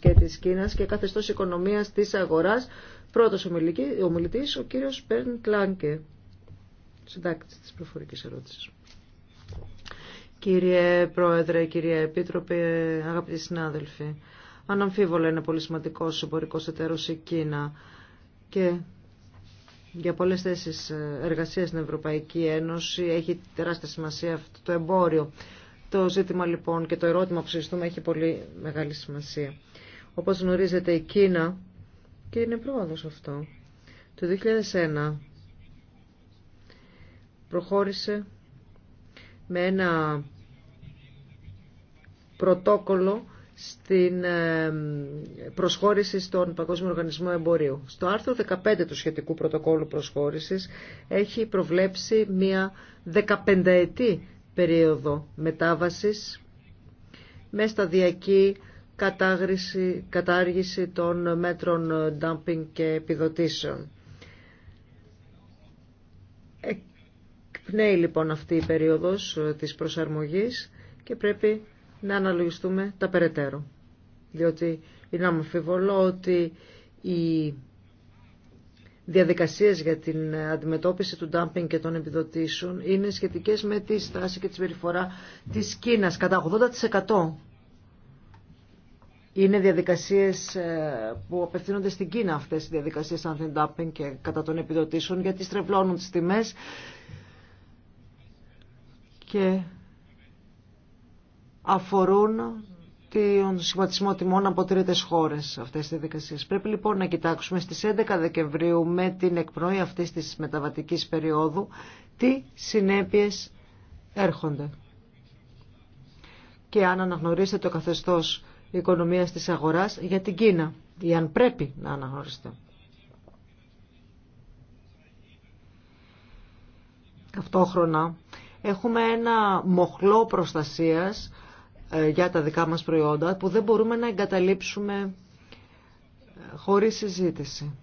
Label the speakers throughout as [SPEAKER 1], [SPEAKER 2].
[SPEAKER 1] και της Κίνας και καθεστώς οικονομίας της αγοράς. Πρώτος ομιλητής, ο κύριος Περντ Κλάνκε, συντάκτης της προφορικής ερώτησης. Κύριε Πρόεδρε, κύριε Επίτροπε, αγαπητοί συνάδελφοι, αναμφίβολα είναι πολύ σημαντικό εμπορικός εταίρος η Κίνα και για πολλές θέσεις εργασίας στην Ευρωπαϊκή Ένωση έχει τεράστια σημασία αυτό το εμπόριο. Το ζήτημα λοιπόν και το ερώτημα που συζητούμε έχει πολύ μεγάλη σημασία. Όπως γνωρίζετε η Κίνα, και είναι πρόοδος αυτό, το 2001 προχώρησε με ένα πρωτόκολλο στην προσχώρηση στον Παγκόσμιο Οργανισμό Εμπορίου. Στο άρθρο 15 του σχετικού πρωτοκόλλου προσχώρησης έχει προβλέψει μια 15 ετή περίοδο μετάβασης με σταδιακή κατάργηση, κατάργηση των μέτρων dumping και επιδοτήσεων. Εκπνέει λοιπόν αυτή η περίοδος της προσαρμογής και πρέπει να αναλογιστούμε τα περαιτέρω. Διότι είναι αμφιβολό ότι η διαδικασίες για την αντιμετώπιση του ντάμπινγκ και των επιδοτήσεων είναι σχετικές με τη στάση και τη συμπεριφορά της Κίνας. Κατά 80% είναι διαδικασίες ε, που απευθύνονται στην Κίνα αυτές οι διαδικασίες και κατά των επιδοτήσεων γιατί στρεβλώνουν τις τιμές και αφορούν τον σχηματισμό τιμών από τρίτε χώρες αυτές τι δικασίες. Πρέπει λοιπόν να κοιτάξουμε στις 11 Δεκεμβρίου με την εκπνοή αυτή τη μεταβατική περίοδου τι συνέπειε έρχονται. Και αν αναγνωρίσετε το καθεστώ οικονομία τη αγορά για την Κίνα ή αν πρέπει να αναγνωρίσετε. Ταυτόχρονα έχουμε ένα μοχλό προστασίας ε, για τα δικά μας προϊόντα που δεν μπορούμε να εγκαταλείψουμε ε, χωρίς συζήτηση.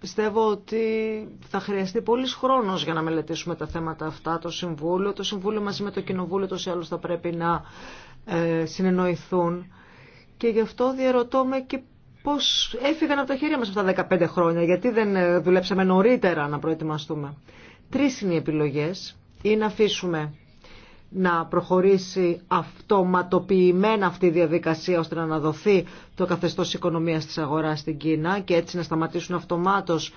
[SPEAKER 1] Πιστεύω ότι θα χρειαστεί πολύς χρόνος για να μελετήσουμε τα θέματα αυτά, το Συμβούλιο. Το Συμβούλιο μαζί με το Κοινοβούλιο τόσο άλλως θα πρέπει να ε, συνεννοηθούν. Και γι' αυτό διαρωτώ με και πώς έφυγαν από τα χέρια μας αυτά τα 15 χρόνια, γιατί δεν δουλέψαμε νωρίτερα να προετοιμαστούμε. Τρεις είναι οι επιλογές. Ή να αφήσουμε να προχωρήσει αυτοματοποιημένα αυτή η διαδικασία ώστε να αναδοθεί το καθεστώς οικονομίας της αγοράς στην Κίνα και έτσι να σταματήσουν αυτομάτως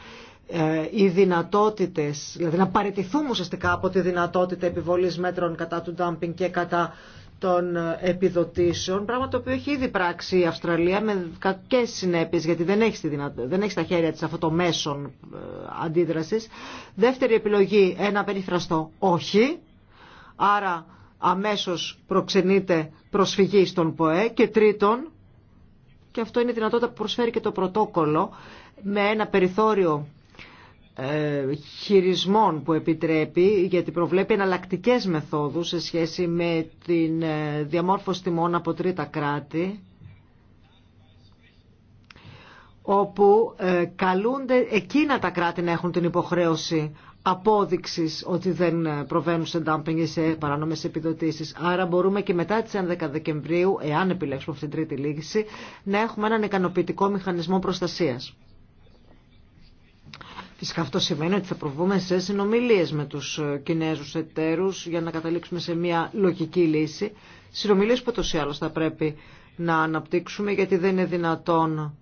[SPEAKER 1] ε, οι δυνατότητες, δηλαδή να παραιτηθούμε ουσιαστικά από τη δυνατότητα επιβολής μέτρων κατά του ντάμπινγκ και κατά των ε, επιδοτήσεων, πράγμα το οποίο έχει ήδη πράξει η Αυστραλία με κακέ συνέπειε, γιατί δεν έχει, δεν έχει στα χέρια τη αυτό το μέσον ε, αντίδρασης. Δεύτερη επιλογή, ένα περιφραστό όχι, άρα αμέσως προξενείται προσφυγή στον ΠΟΕ και τρίτον, και αυτό είναι η δυνατότητα που προσφέρει και το πρωτόκολλο, με ένα περιθώριο ε, χειρισμών που επιτρέπει γιατί προβλέπει εναλλακτικέ μεθόδους σε σχέση με την ε, διαμόρφωση τιμών από τρίτα κράτη όπου ε, καλούνται εκείνα τα κράτη να έχουν την υποχρέωση απόδειξη ότι δεν προβαίνουν σε ντάμπινγκ ή σε παράνομες επιδοτήσεις. Άρα μπορούμε και μετά τις 11 Δεκεμβρίου, εάν επιλέξουμε αυτή την τρίτη λύση, να έχουμε έναν ικανοποιητικό μηχανισμό προστασίας. Φυσικά αυτό σημαίνει ότι θα προβούμε σε συνομιλίε με τους Κινέζους εταίρους για να καταλήξουμε σε μια λογική λύση. Συνομιλίε που τόσο ή άλλω θα πρέπει να αναπτύξουμε γιατί δεν είναι δυνατόν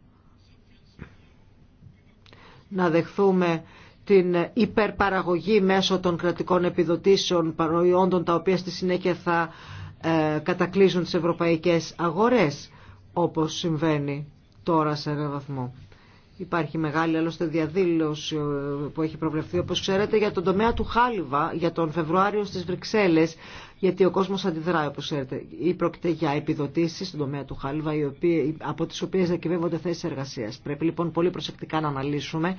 [SPEAKER 1] να δεχθούμε την υπερπαραγωγή μέσω των κρατικών επιδοτήσεων παροιόντων τα οποία στη συνέχεια θα ε, κατακλείσουν τις ευρωπαϊκές αγορές όπως συμβαίνει τώρα σε έναν βαθμό. Υπάρχει μεγάλη άλλωστε διαδήλωση ε, που έχει προβλεφθεί όπως ξέρετε για τον τομέα του Χάλιβα για τον Φεβρουάριο στις Βρυξέλλες γιατί ο κόσμος αντιδράει όπως ξέρετε. Ή πρόκειται για επιδοτήσεις στον τομέα του χάλιβα από τις οποίες δεκυβεύονται θέσεις εργασίας. Πρέπει λοιπόν πολύ προσεκτικά να αναλύσουμε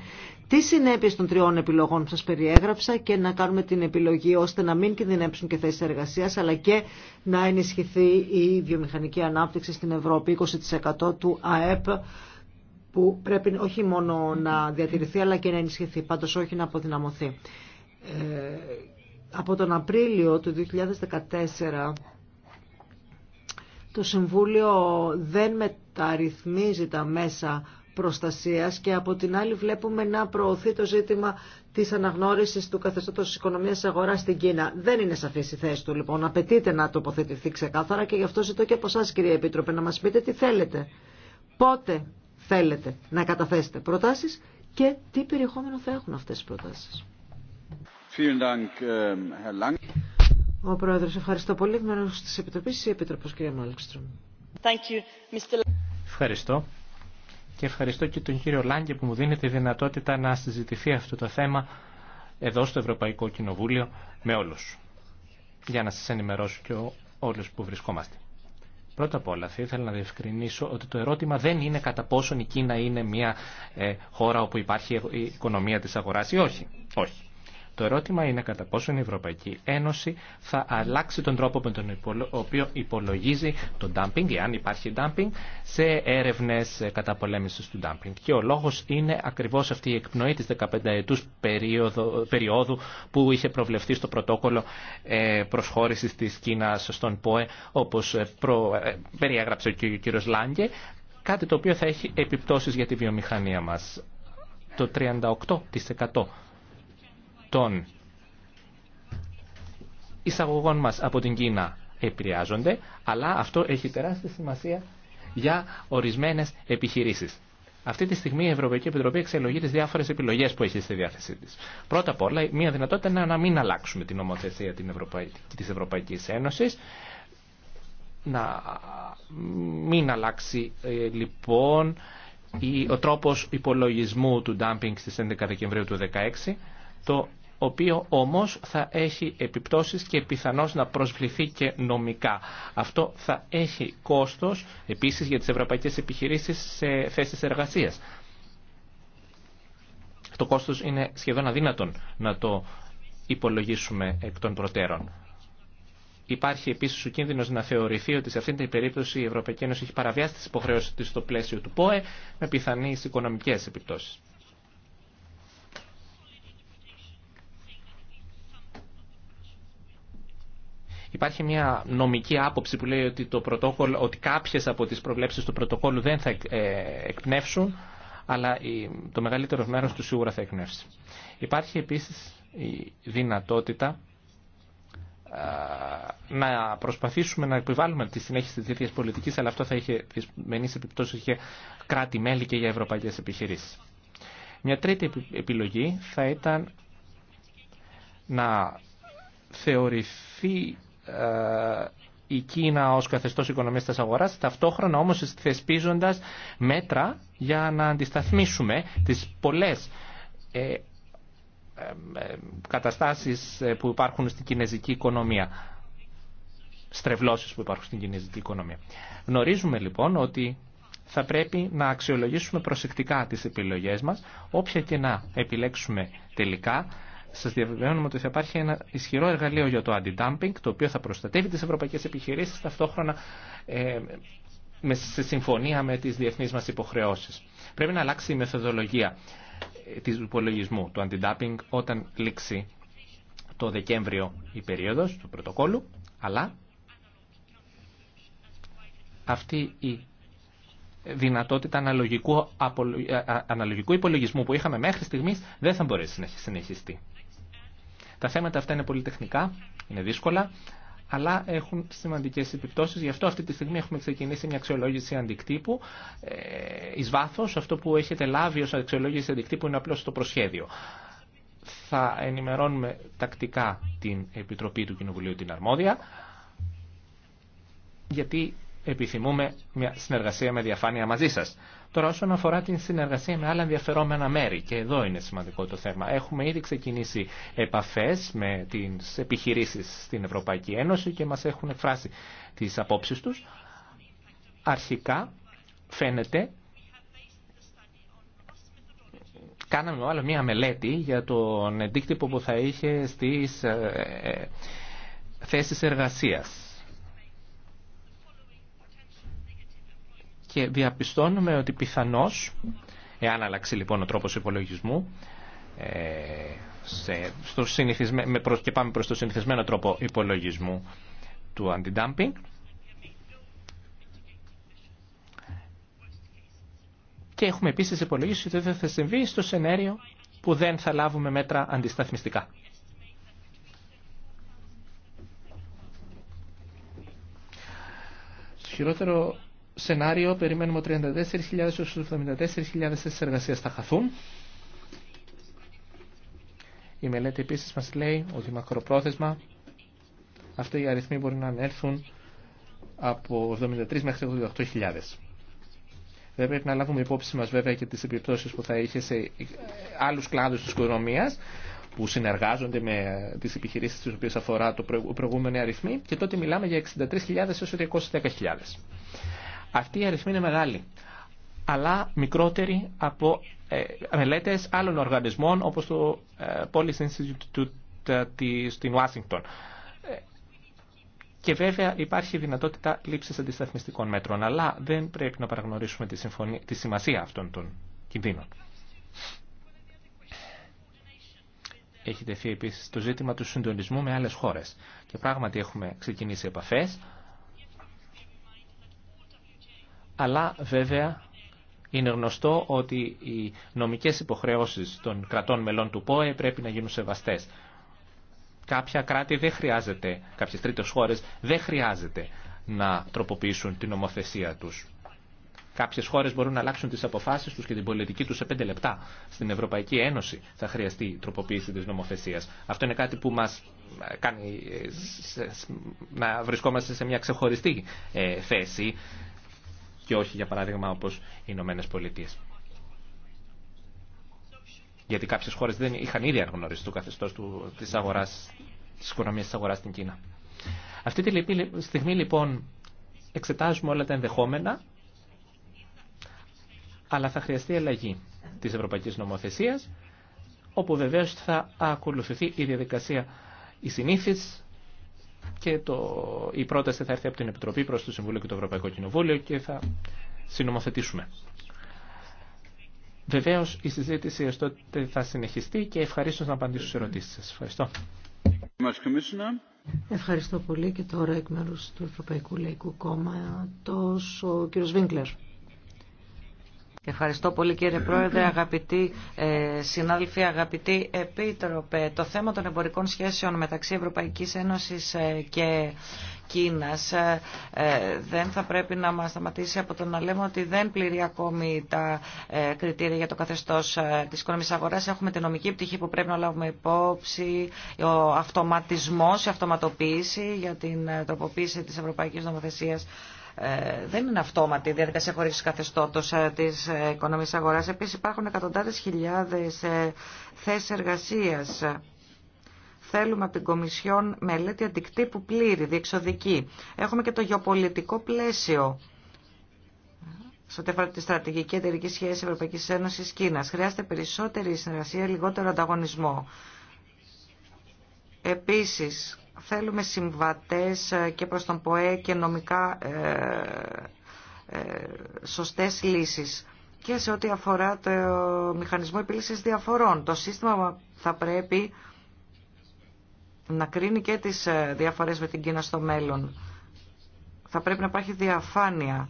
[SPEAKER 1] τι συνέπειες των τριών επιλογών που σας περιέγραψα και να κάνουμε την επιλογή ώστε να μην κινδυνέψουν και θέσεις εργασίας αλλά και να ενισχυθεί η βιομηχανική ανάπτυξη στην Ευρώπη 20% του ΑΕΠ που πρέπει όχι μόνο να διατηρηθεί αλλά και να ενισχυθεί, πάντως όχι να αποδυναμωθεί. Ε, από τον Απρίλιο του 2014 το Συμβούλιο δεν μεταρρυθμίζει τα μέσα προστασίας και από την άλλη βλέπουμε να προωθεί το ζήτημα της αναγνώρισης του καθεστώτος της οικονομίας αγοράς στην Κίνα. Δεν είναι σαφή η θέση του λοιπόν. Απαιτείται να τοποθετηθεί ξεκάθαρα και γι' αυτό ζητώ και από εσά, κυρία Επίτροπε να μας πείτε τι θέλετε. Πότε θέλετε να καταθέσετε προτάσεις και τι περιεχόμενο θα έχουν
[SPEAKER 2] αυτές οι προτάσεις. Ähm,
[SPEAKER 1] Ο ευχαριστώ πολύ.
[SPEAKER 3] Ευχαριστώ. Και ευχαριστώ και τον κύριο Λάγκε που μου δίνει τη δυνατότητα να συζητηθεί αυτό το θέμα εδώ στο Ευρωπαϊκό Κοινοβούλιο με όλους. Για να σας ενημερώσω και όλους που βρισκόμαστε. Πρώτα απ' όλα θα ήθελα να διευκρινίσω ότι το ερώτημα δεν είναι κατά πόσον η Κίνα είναι μια ε, χώρα όπου υπάρχει η οικονομία της αγοράς ή όχι. Όχι. Το ερώτημα είναι κατά πόσο η Ευρωπαϊκή Ένωση θα αλλάξει τον τρόπο με τον οποίο υπολογίζει το ντάμπινγκ, εάν υπάρχει dumping, σε έρευνε ε, καταπολέμησης του dumping. Και ο λόγο είναι ακριβώ αυτή η εκπνοή τη 15ετού περίοδου που είχε προβλεφθεί στο πρωτόκολλο ε, προσχώρηση τη Κίνα στον ΠΟΕ, όπω ε, περιέγραψε ο κ. Λάγκε, κάτι το οποίο θα έχει επιπτώσεις για τη βιομηχανία μας. Το 38% των εισαγωγών μας από την Κίνα επηρεάζονται, αλλά αυτό έχει τεράστια σημασία για ορισμένες επιχειρήσεις. Αυτή τη στιγμή η Ευρωπαϊκή Επιτροπή εξελογεί τι διάφορε επιλογέ που έχει στη διάθεσή τη. Πρώτα απ' όλα, μία δυνατότητα είναι να μην αλλάξουμε την νομοθεσία τη Ευρωπαϊκή Ένωση. Να μην αλλάξει ε, λοιπόν ο τρόπο υπολογισμού του dumping στι 11 Δεκεμβρίου του 2016. Το οποίο όμως θα έχει επιπτώσεις και πιθανώς να προσβληθεί και νομικά. Αυτό θα έχει κόστος επίσης για τις ευρωπαϊκές επιχειρήσεις σε θέσεις εργασίας. Το κόστος είναι σχεδόν αδύνατον να το υπολογίσουμε εκ των προτέρων. Υπάρχει επίση ο κίνδυνο να θεωρηθεί ότι σε αυτήν την περίπτωση η Ευρωπαϊκή Ένωση έχει παραβιάσει τι υποχρεώσει τη στο πλαίσιο του ΠΟΕ με πιθανεί οικονομικέ επιπτώσει. Υπάρχει μια νομική άποψη που λέει ότι, το ότι κάποιες από τις προβλέψεις του πρωτοκόλλου δεν θα ε, εκπνεύσουν, αλλά το μεγαλύτερο μέρος του σίγουρα θα εκπνεύσει. Υπάρχει επίσης η δυνατότητα να προσπαθήσουμε να επιβάλλουμε τη συνέχιση της διεθνής πολιτικής, αλλά αυτό θα είχε δυσμενείς επιπτώσει για κράτη-μέλη και για ευρωπαϊκέ επιχειρήσει. Μια τρίτη επιλογή θα ήταν να θεωρηθεί η Κίνα ως καθεστώς οικονομίας της αγοράς, ταυτόχρονα όμως θεσπίζοντας μέτρα για να αντισταθμίσουμε τις πολλές ε, ε, ε, καταστάσεις που υπάρχουν στην κινέζικη οικονομία, στρεβλώσεις που υπάρχουν στην κινέζικη οικονομία. Γνωρίζουμε λοιπόν ότι θα πρέπει να αξιολογήσουμε προσεκτικά τις επιλογές μας, όποια και να επιλέξουμε τελικά, Σα διαβεβαιώνουμε ότι θα υπάρχει ένα ισχυρό εργαλείο για το αντι-dumping, το οποίο θα προστατεύει τι ευρωπαϊκέ επιχειρήσει ταυτόχρονα ε, σε συμφωνία με τι διεθνεί μα υποχρεώσει. Πρέπει να αλλάξει η μεθοδολογία ε, του υπολογισμού του αντι-dumping όταν λήξει το Δεκέμβριο η περίοδο του πρωτοκόλου, αλλά αυτή η δυνατότητα αναλογικού, ε, αναλογικού υπολογισμού που είχαμε μέχρι στιγμής δεν θα μπορέσει να συνεχιστεί. Τα θέματα αυτά είναι πολύ τεχνικά, είναι δύσκολα, αλλά έχουν σημαντικέ επιπτώσει. Γι' αυτό αυτή τη στιγμή έχουμε ξεκινήσει μια αξιολόγηση αντικτύπου. Ε, Ει βάθο, αυτό που έχετε λάβει ω αξιολόγηση αντικτύπου είναι απλώ το προσχέδιο. Θα ενημερώνουμε τακτικά την Επιτροπή του Κοινοβουλίου την Αρμόδια, γιατί επιθυμούμε μια συνεργασία με διαφάνεια μαζί σας. Τώρα όσον αφορά την συνεργασία με άλλα ενδιαφερόμενα μέρη, και εδώ είναι σημαντικό το θέμα, έχουμε ήδη ξεκινήσει επαφές με τις επιχειρήσεις στην Ευρωπαϊκή Ένωση και μας έχουν εκφράσει τις απόψεις τους. Αρχικά φαίνεται κάναμε άλλο μία μελέτη για τον αντίκτυπο που θα είχε στις ε, ε, θέσεις εργασίας και διαπιστώνουμε ότι πιθανώς, εάν αλλάξει λοιπόν ο τρόπος υπολογισμού, ε, σε, στο συνηθισμέ, και πάμε προς το συνηθισμένο τρόπο υπολογισμού του αντι-dumping, και έχουμε επίσης υπολογίσει ότι δεν θα συμβεί στο σενάριο που δεν θα λάβουμε μέτρα αντισταθμιστικά. χειρότερο σενάριο περιμένουμε 34.000 έως 74.000 εργασία θα χαθούν. Η μελέτη επίσης μας λέει ότι μακροπρόθεσμα αυτοί οι αριθμοί μπορεί να ανέλθουν από 73 μέχρι 88.000. Δεν πρέπει να λάβουμε υπόψη μας βέβαια και τις επιπτώσεις που θα είχε σε άλλους κλάδους της οικονομίας που συνεργάζονται με τις επιχειρήσεις τις οποίες αφορά το προηγούμενο αριθμό και τότε μιλάμε για 63.000 έως 210.000. Αυτή η αριθμή είναι μεγάλη, αλλά μικρότερη από ε, μελέτες άλλων οργανισμών όπως το ε, Policy Institute στην Ουάσιγκτον. Ε, και βέβαια υπάρχει δυνατότητα λήψης αντισταθμιστικών μέτρων, αλλά δεν πρέπει να παραγνωρίσουμε τη, συμφωνία, τη σημασία αυτών των κινδύνων. Έχει τεθεί επίσης το ζήτημα του συντονισμού με άλλες χώρε. Και πράγματι έχουμε ξεκινήσει επαφέ αλλά βέβαια είναι γνωστό ότι οι νομικές υποχρεώσεις των κρατών μελών του ΠΟΕ πρέπει να γίνουν σεβαστές. Κάποια κράτη δεν χρειάζεται, κάποιες τρίτες χώρες δεν χρειάζεται να τροποποιήσουν την νομοθεσία τους. Κάποιες χώρες μπορούν να αλλάξουν τις αποφάσεις τους και την πολιτική τους σε πέντε λεπτά. Στην Ευρωπαϊκή Ένωση θα χρειαστεί η τροποποίηση της νομοθεσίας. Αυτό είναι κάτι που μας ε, κάνει ε, να βρισκόμαστε σε μια ξεχωριστή ε, θέση και όχι για παράδειγμα όπως οι Ηνωμένε Πολιτείε. Γιατί κάποιες χώρες δεν είχαν ήδη αναγνωρίσει το καθεστώς του, της, αγοράς, της οικονομίας της αγοράς στην Κίνα. Αυτή τη στιγμή λοιπόν εξετάζουμε όλα τα ενδεχόμενα, αλλά θα χρειαστεί αλλαγή της Ευρωπαϊκής Νομοθεσίας, όπου βεβαίως θα ακολουθηθεί η διαδικασία η συνήθις και το, η πρόταση θα έρθει από την Επιτροπή προς το Συμβούλιο και το Ευρωπαϊκό Κοινοβούλιο και θα συνομοθετήσουμε. Βεβαίω η συζήτηση ως τότε θα συνεχιστεί και ευχαρίστω να απαντήσω σε ερωτήσεις σας. Ευχαριστώ.
[SPEAKER 1] Ευχαριστώ πολύ και τώρα εκ μέρους του Ευρωπαϊκού Λαϊκού Κόμματος ο κύριος Βίγκλερ.
[SPEAKER 4] Ευχαριστώ πολύ κύριε Πρόεδρε, αγαπητοί ε, συνάδελφοι, αγαπητοί επίτροπε. Το θέμα των εμπορικών σχέσεων μεταξύ Ευρωπαϊκής Ένωσης ε, και Κίνας ε, δεν θα πρέπει να μας σταματήσει από το να λέμε ότι δεν πληρεί ακόμη τα κριτήρια για το καθεστώς της οικονομικής αγοράς. Έχουμε την νομική πτυχή που πρέπει να λάβουμε υπόψη, ο αυτοματισμός, η αυτοματοποίηση για την τροποποίηση της ευρωπαϊκής νομοθεσίας ε, δεν είναι αυτόματη η διαδικασία χωρίς καθεστώτος ε, της ε, οικονομικής αγοράς. Επίσης υπάρχουν εκατοντάδες χιλιάδες θέσεις εργασίας. Θέλουμε από την Κομισιόν μελέτη αντικτύπου πλήρη, διεξοδική. Έχουμε και το γεωπολιτικό πλαίσιο στο αφορά τη στρατηγική εταιρική σχέση Ευρωπαϊκή Ένωση Κίνα. Χρειάζεται περισσότερη συνεργασία, λιγότερο ανταγωνισμό. Επίση, Θέλουμε συμβατές ε, και προς τον ΠΟΕ και νομικά ε, ε, σωστές λύσεις. Και σε ό,τι αφορά το μηχανισμό επίλυσης διαφορών. Το σύστημα θα πρέπει να κρίνει και τις διαφορές με την Κίνα στο μέλλον. Θα πρέπει να υπάρχει διαφάνεια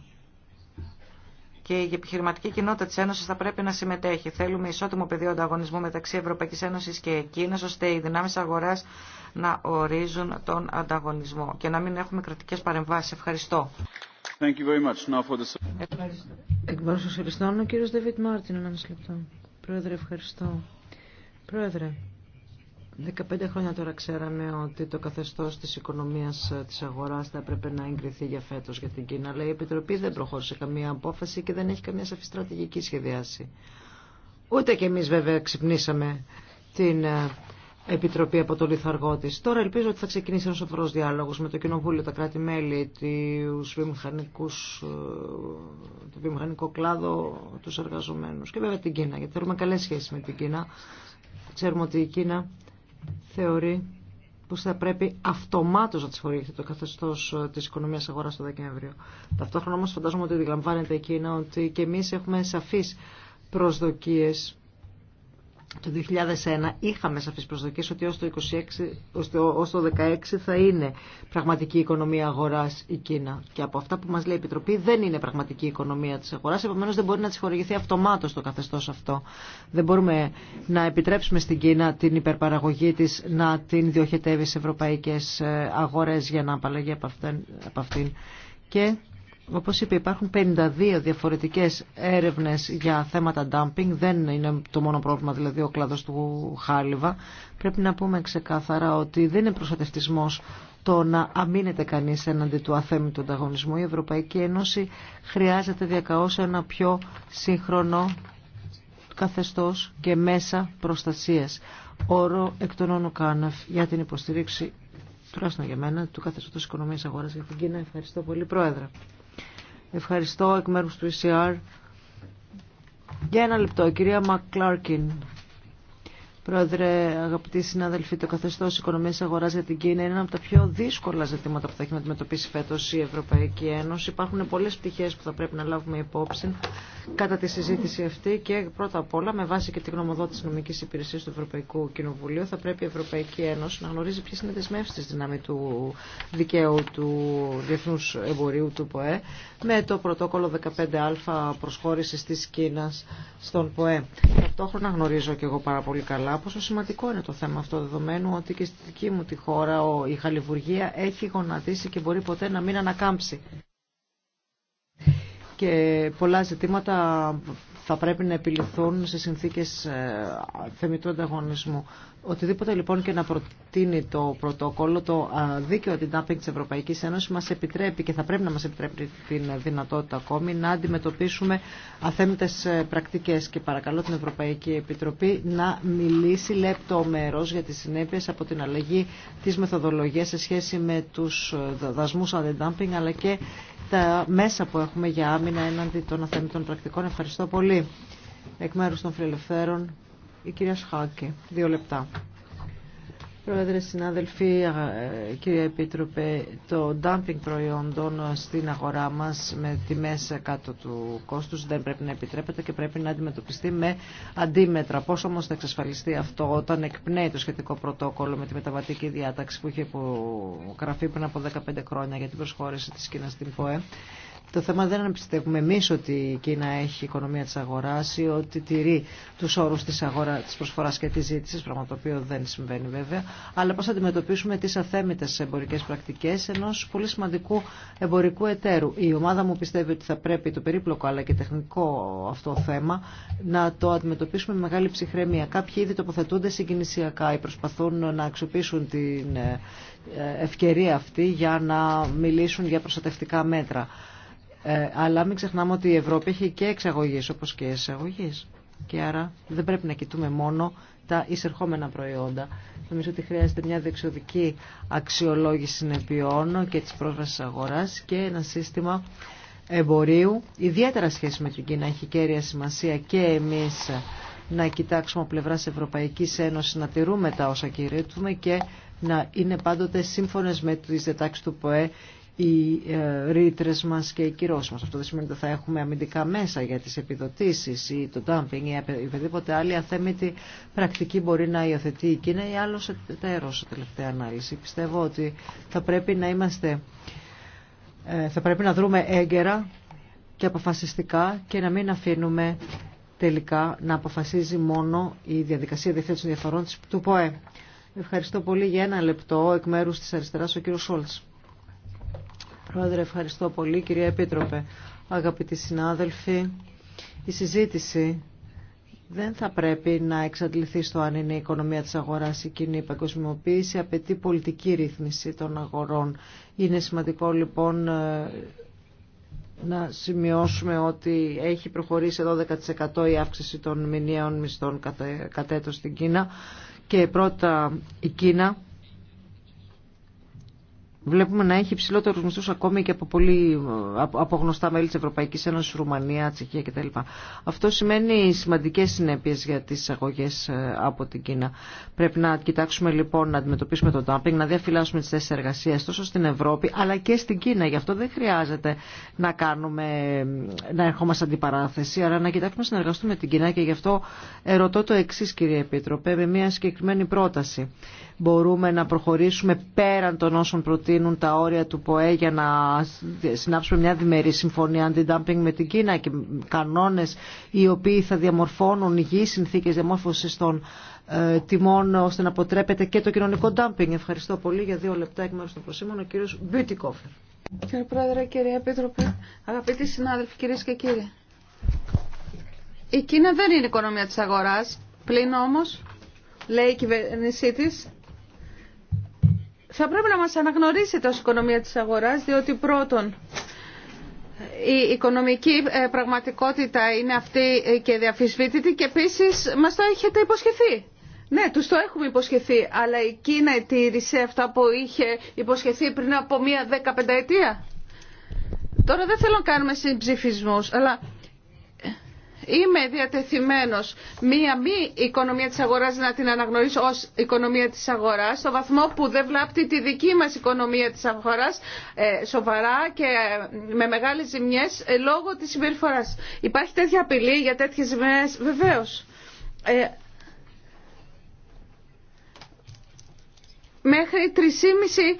[SPEAKER 4] και η επιχειρηματική κοινότητα τη Ένωση θα πρέπει να συμμετέχει. Θέλουμε ισότιμο πεδίο ανταγωνισμού μεταξύ Ευρωπαϊκή Ένωση και Κίνα, ώστε οι δυνάμει αγορά να ορίζουν τον ανταγωνισμό και να μην έχουμε κρατικέ παρεμβάσει. Ευχαριστώ.
[SPEAKER 2] Thank you very much.
[SPEAKER 1] ευχαριστώ. 15 χρόνια τώρα ξέραμε ότι το καθεστώς της οικονομίας ε, της αγοράς θα έπρεπε να εγκριθεί για φέτος για την Κίνα, αλλά η Επιτροπή δεν προχώρησε καμία απόφαση και δεν έχει καμία σαφή στρατηγική σχεδιάση. Ούτε κι εμείς βέβαια ξυπνήσαμε την ε, Επιτροπή από το λιθαργό τη. Τώρα ελπίζω ότι θα ξεκινήσει ένα σοφρό διάλογο με το Κοινοβούλιο, τα κράτη-μέλη, ε, το βιομηχανικό κλάδο, του εργαζομένου και βέβαια την Κίνα. Γιατί θέλουμε καλέ σχέσει με την Κίνα. Ξέρουμε ότι η Κίνα θεωρεί πως θα πρέπει αυτομάτως να τη χωρίζεται το καθεστώς ε, της οικονομίας αγοράς το Δεκέμβριο. Ταυτόχρονα όμως φαντάζομαι ότι αντιλαμβάνεται εκείνα ότι και εμείς έχουμε σαφείς προσδοκίες το 2001 είχαμε σαφείς προσδοκίες ότι ως το, 26, ως το, 16 θα είναι πραγματική οικονομία αγοράς η Κίνα. Και από αυτά που μας λέει η Επιτροπή δεν είναι πραγματική οικονομία της αγοράς, επομένως δεν μπορεί να της χορηγηθεί αυτομάτως το καθεστώς αυτό. Δεν μπορούμε να επιτρέψουμε στην Κίνα την υπερπαραγωγή της να την διοχετεύει σε ευρωπαϊκές ε, αγορές για να απαλλαγεί από αυτήν. Και όπως είπε υπάρχουν 52 διαφορετικές έρευνες για θέματα dumping, δεν είναι το μόνο πρόβλημα δηλαδή ο κλάδος του Χάλιβα. Πρέπει να πούμε ξεκάθαρα ότι δεν είναι προστατευτισμός το να αμήνεται κανείς έναντι του αθέμητου ανταγωνισμού. Η Ευρωπαϊκή Ένωση χρειάζεται διακαώς ένα πιο σύγχρονο καθεστώς και μέσα προστασίας. Όρο εκ των όνων για την υποστήριξη τουλάχιστον για μένα, του καθεστώτος οικονομίας αγοράς για την Κίνα. Ευχαριστώ πολύ, Πρόεδρε. Ευχαριστώ εκ μέρους του ECR. Για ένα λεπτό, κυρία Μακκλάρκιν. Πρόεδρε, αγαπητοί συνάδελφοι, το καθεστώ οικονομία αγορά για την Κίνα είναι ένα από τα πιο δύσκολα ζητήματα που θα έχει να αντιμετωπίσει φέτο η Ευρωπαϊκή Ένωση. Υπάρχουν πολλέ πτυχέ που θα πρέπει να λάβουμε υπόψη κατά τη συζήτηση αυτή και πρώτα απ' όλα με βάση και τη γνωμοδότηση νομικής υπηρεσίας του Ευρωπαϊκού Κοινοβουλίου θα πρέπει η Ευρωπαϊκή Ένωση να γνωρίζει ποιες είναι δεσμεύσεις της δυνάμει του δικαίου του Διεθνούς Εμπορίου του ΠΟΕ με το πρωτόκολλο 15α προσχώρησης της Κίνας στον ΠΟΕ. Ταυτόχρονα γνωρίζω και εγώ πάρα πολύ καλά πόσο σημαντικό είναι το θέμα αυτό δεδομένου ότι και στη δική μου τη χώρα η Χαλιβουργία έχει γονατίσει και μπορεί ποτέ να μην ανακάμψει και πολλά ζητήματα θα πρέπει να επιληθούν σε συνθήκες ε, θεμητού ανταγωνισμού. Οτιδήποτε λοιπόν και να προτείνει το πρωτόκολλο, το ε, δίκαιο αντινάπινγκ της Ευρωπαϊκής Ένωσης μας επιτρέπει και θα πρέπει να μας επιτρέπει την δυνατότητα ακόμη να αντιμετωπίσουμε αθέμητες ε, πρακτικές και παρακαλώ την Ευρωπαϊκή Επιτροπή να μιλήσει λεπτομερώς για τις συνέπειες από την αλλαγή της μεθοδολογίας σε σχέση με τους δασμούς αντινάπινγκ αλλά και τα μέσα που έχουμε για άμυνα έναντι των αθέμητων πρακτικών. Ευχαριστώ πολύ. Εκ μέρους των φιλελευθέρων, η κυρία Σχάκη. Δύο λεπτά. Πρόεδρε, συνάδελφοι, ε, κύριε Επίτροπε, το dumping προϊόντων στην αγορά μας με τιμές κάτω του κόστους δεν πρέπει να επιτρέπεται και πρέπει να αντιμετωπιστεί με αντίμετρα. Πώς όμως θα εξασφαλιστεί αυτό όταν εκπνέει το σχετικό πρωτόκολλο με τη μεταβατική διάταξη που είχε υπογραφεί πριν από 15 χρόνια για την προσχώρηση της Κίνας στην ΠΟΕ το θέμα δεν είναι να πιστεύουμε εμεί ότι η Κίνα έχει οικονομία τη αγορά ή ότι τηρεί του όρου τη τη προσφορά και τη ζήτηση, πράγμα το οποίο δεν συμβαίνει βέβαια, αλλά πώ θα αντιμετωπίσουμε τι αθέμητε εμπορικέ πρακτικέ ενό πολύ σημαντικού εμπορικού εταίρου. Η ομάδα μου πιστεύει ότι θα πρέπει το περίπλοκο αλλά και τεχνικό αυτό θέμα να το αντιμετωπίσουμε με μεγάλη ψυχραιμία. Κάποιοι ήδη τοποθετούνται συγκινησιακά ή προσπαθούν να αξιοποιήσουν την ε, ευκαιρία αυτή για να μιλήσουν για προστατευτικά μέτρα. Ε, αλλά μην ξεχνάμε ότι η Ευρώπη έχει και εξαγωγές όπως και εισαγωγές. Και άρα δεν πρέπει να κοιτούμε μόνο τα εισερχόμενα προϊόντα. Νομίζω ότι χρειάζεται μια δεξιοδική αξιολόγηση συνεπειών και της πρόσβασης αγοράς και ένα σύστημα εμπορίου, ιδιαίτερα σχέση με την Κίνα, έχει κέρια σημασία και εμείς να κοιτάξουμε από πλευράς Ευρωπαϊκής Ένωσης να τηρούμε τα όσα κηρύττουμε και να είναι πάντοτε σύμφωνες με τις διατάξεις του ΠΟΕ οι ε, ρήτρε μα και οι κυρώσει μα. Αυτό δεν σημαίνει ότι θα έχουμε αμυντικά μέσα για τι επιδοτήσει ή το τάμπιν ή οτιδήποτε άλλη, α θέμα είναι ότι ή το dumping ή οποιαδήποτε άλλη αθέμητη πρακτική μπορεί να υιοθετεί η Κίνα ή άλλος εταίρος σε τελευταία ανάλυση. Πιστεύω ότι θα πρέπει να υιοθετει η κινα η αλλο εταιρος σε τελευταια αναλυση πιστευω οτι ε, θα πρέπει να δρούμε έγκαιρα και αποφασιστικά και να μην αφήνουμε τελικά να αποφασίζει μόνο η διαδικασία διευθέτησης διαφορών του ΠΟΕ. Ευχαριστώ πολύ για ένα λεπτό εκ μέρους της αριστεράς ο κύριος Σόλτς. Πρόεδρε, ευχαριστώ πολύ. Κυρία Επίτροπε, αγαπητοί συνάδελφοι, η συζήτηση δεν θα πρέπει να εξαντληθεί στο αν είναι η οικονομία της αγοράς η κοινή παγκοσμιοποίηση, απαιτεί πολιτική ρύθμιση των αγορών. Είναι σημαντικό λοιπόν ε, να σημειώσουμε ότι έχει προχωρήσει 12% η αύξηση των μηνιαίων μισθών κατέτος στην Κίνα και πρώτα η Κίνα Βλέπουμε να έχει υψηλότερου μισθού ακόμη και από, πολύ, από γνωστά μέλη τη Ευρωπαϊκή Ένωση, Ρουμανία, Τσεχία κτλ. Αυτό σημαίνει σημαντικέ συνέπειε για τι εισαγωγέ ε, από την Κίνα. Πρέπει να κοιτάξουμε λοιπόν να αντιμετωπίσουμε το τάμπινγκ, να διαφυλάσσουμε τι θέσει εργασία τόσο στην Ευρώπη αλλά και στην Κίνα. Γι' αυτό δεν χρειάζεται να, κάνουμε, να ερχόμαστε αντιπαράθεση, αλλά να κοιτάξουμε να συνεργαστούμε με την Κίνα και γι' αυτό ερωτώ το εξή, κύριε Επίτροπε, με μια συγκεκριμένη πρόταση μπορούμε να προχωρήσουμε πέραν των όσων προτείνουν τα όρια του ΠΟΕ για να συνάψουμε μια διμερή συμφωνία αντι-dumping με την Κίνα και κανόνες οι οποίοι θα διαμορφώνουν υγιείς συνθήκες διαμόρφωσης των ε, τιμών ώστε να αποτρέπεται και το κοινωνικό dumping. Ευχαριστώ πολύ για δύο λεπτά εκ μέρους των προσήμων ο κύριος Μπιουτικόφερ.
[SPEAKER 5] Κύριε Πρόεδρε, κύριε Επίτροπε, αγαπητοί συνάδελφοι, κύριε και κύριοι. Η Κίνα δεν είναι η οικονομία της αγοράς, πλην όμως, λέει η κυβέρνησή τη θα πρέπει να μας αναγνωρίσετε ως οικονομία της αγοράς, διότι πρώτον η οικονομική ε, πραγματικότητα είναι αυτή ε, και διαφυσβήτητη και επίσης μας το έχετε υποσχεθεί. Ναι, τους το έχουμε υποσχεθεί, αλλά η Κίνα ετήρησε αυτά που είχε υποσχεθεί πριν από μία δέκα πενταετία. Τώρα δεν θέλω να κάνουμε συμψηφισμούς, αλλά είμαι διατεθειμένος μία μη οικονομία της αγοράς να την αναγνωρίσω ως οικονομία της αγοράς στο βαθμό που δεν βλάπτει τη δική μας οικονομία της αγοράς ε, σοβαρά και ε, με μεγάλες ζημιές ε, λόγω της συμπεριφοράς. Υπάρχει τέτοια απειλή για τέτοιες ζημιές βεβαίως. μέχρι 3,5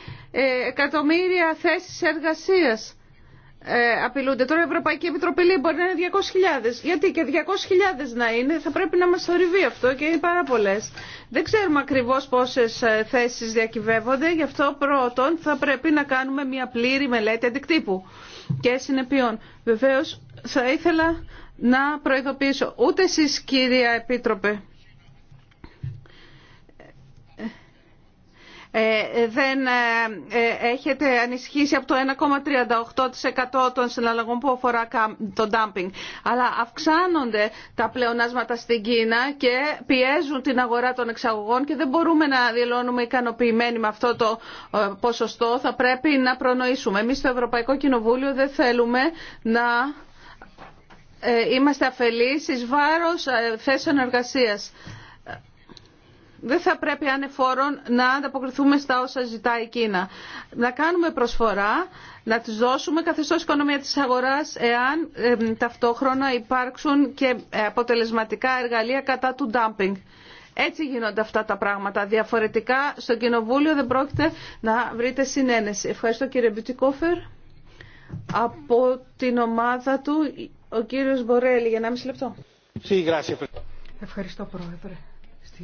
[SPEAKER 5] εκατομμύρια θέσεις εργασίας ε, απειλούνται. Τώρα η Ευρωπαϊκή Επιτροπή λέει μπορεί να είναι 200.000. Γιατί και 200.000 να είναι θα πρέπει να μας θορυβεί αυτό και είναι πάρα πολλέ. Δεν ξέρουμε ακριβώς πόσε θέσει διακυβεύονται. Γι' αυτό πρώτον θα πρέπει να κάνουμε μια πλήρη μελέτη αντικτύπου και συνεπειών. Βεβαίως θα ήθελα να προειδοποιήσω ούτε εσεί, κυρία Επίτροπε Ε, δεν ε, ε, έχετε ανισχύσει από το 1,38% των συναλλαγών που αφορά το dumping. Αλλά αυξάνονται τα πλεονάσματα στην Κίνα και πιέζουν την αγορά των εξαγωγών και δεν μπορούμε να δηλώνουμε ικανοποιημένοι με αυτό το ποσοστό. Θα πρέπει να προνοήσουμε. Εμείς στο Ευρωπαϊκό Κοινοβούλιο δεν θέλουμε να είμαστε αφελείς εις βάρος θέσεων εργασίας δεν θα πρέπει ανεφόρον να ανταποκριθούμε στα όσα ζητάει η Κίνα. Να κάνουμε προσφορά, να τις δώσουμε καθεστώς οικονομία της αγοράς εάν ταυτόχρονα υπάρξουν και ε, αποτελεσματικά εργαλεία κατά του ντάμπινγκ. Έτσι γίνονται αυτά τα πράγματα. Διαφορετικά στο Κοινοβούλιο δεν πρόκειται να βρείτε συνένεση. Ευχαριστώ κύριε Μπιουτικόφερ. Από την ομάδα του ο κύριος Μπορέλη για μισή λεπτό.
[SPEAKER 6] Ευχαριστώ πρόεδρε.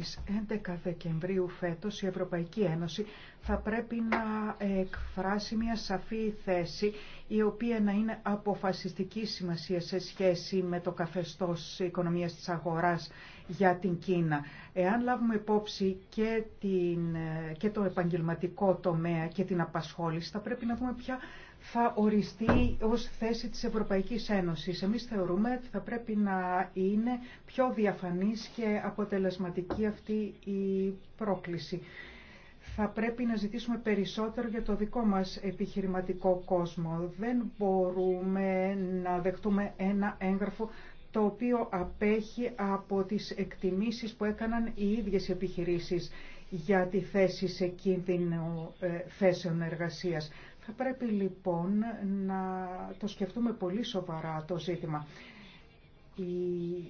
[SPEAKER 6] Στις 11 Δεκεμβρίου φέτος η Ευρωπαϊκή Ένωση θα πρέπει να εκφράσει μια σαφή θέση η οποία να είναι αποφασιστική σημασία σε σχέση με το καθεστώς οικονομίας της αγοράς για την Κίνα. Εάν λάβουμε υπόψη και, την, ε, και το επαγγελματικό τομέα και την απασχόληση θα πρέπει να δούμε ποια θα οριστεί ως θέση της Ευρωπαϊκής Ένωσης. Εμείς θεωρούμε ότι θα πρέπει να είναι πιο διαφανής και αποτελεσματική αυτή η πρόκληση. Θα πρέπει να ζητήσουμε περισσότερο για το δικό μας επιχειρηματικό κόσμο. Δεν μπορούμε να δεχτούμε ένα έγγραφο το οποίο απέχει από τις εκτιμήσεις που έκαναν οι ίδιες επιχειρήσεις για τη θέση σε κίνδυνο ε, θέσεων εργασίας. Θα πρέπει λοιπόν να το σκεφτούμε πολύ σοβαρά το ζήτημα. Η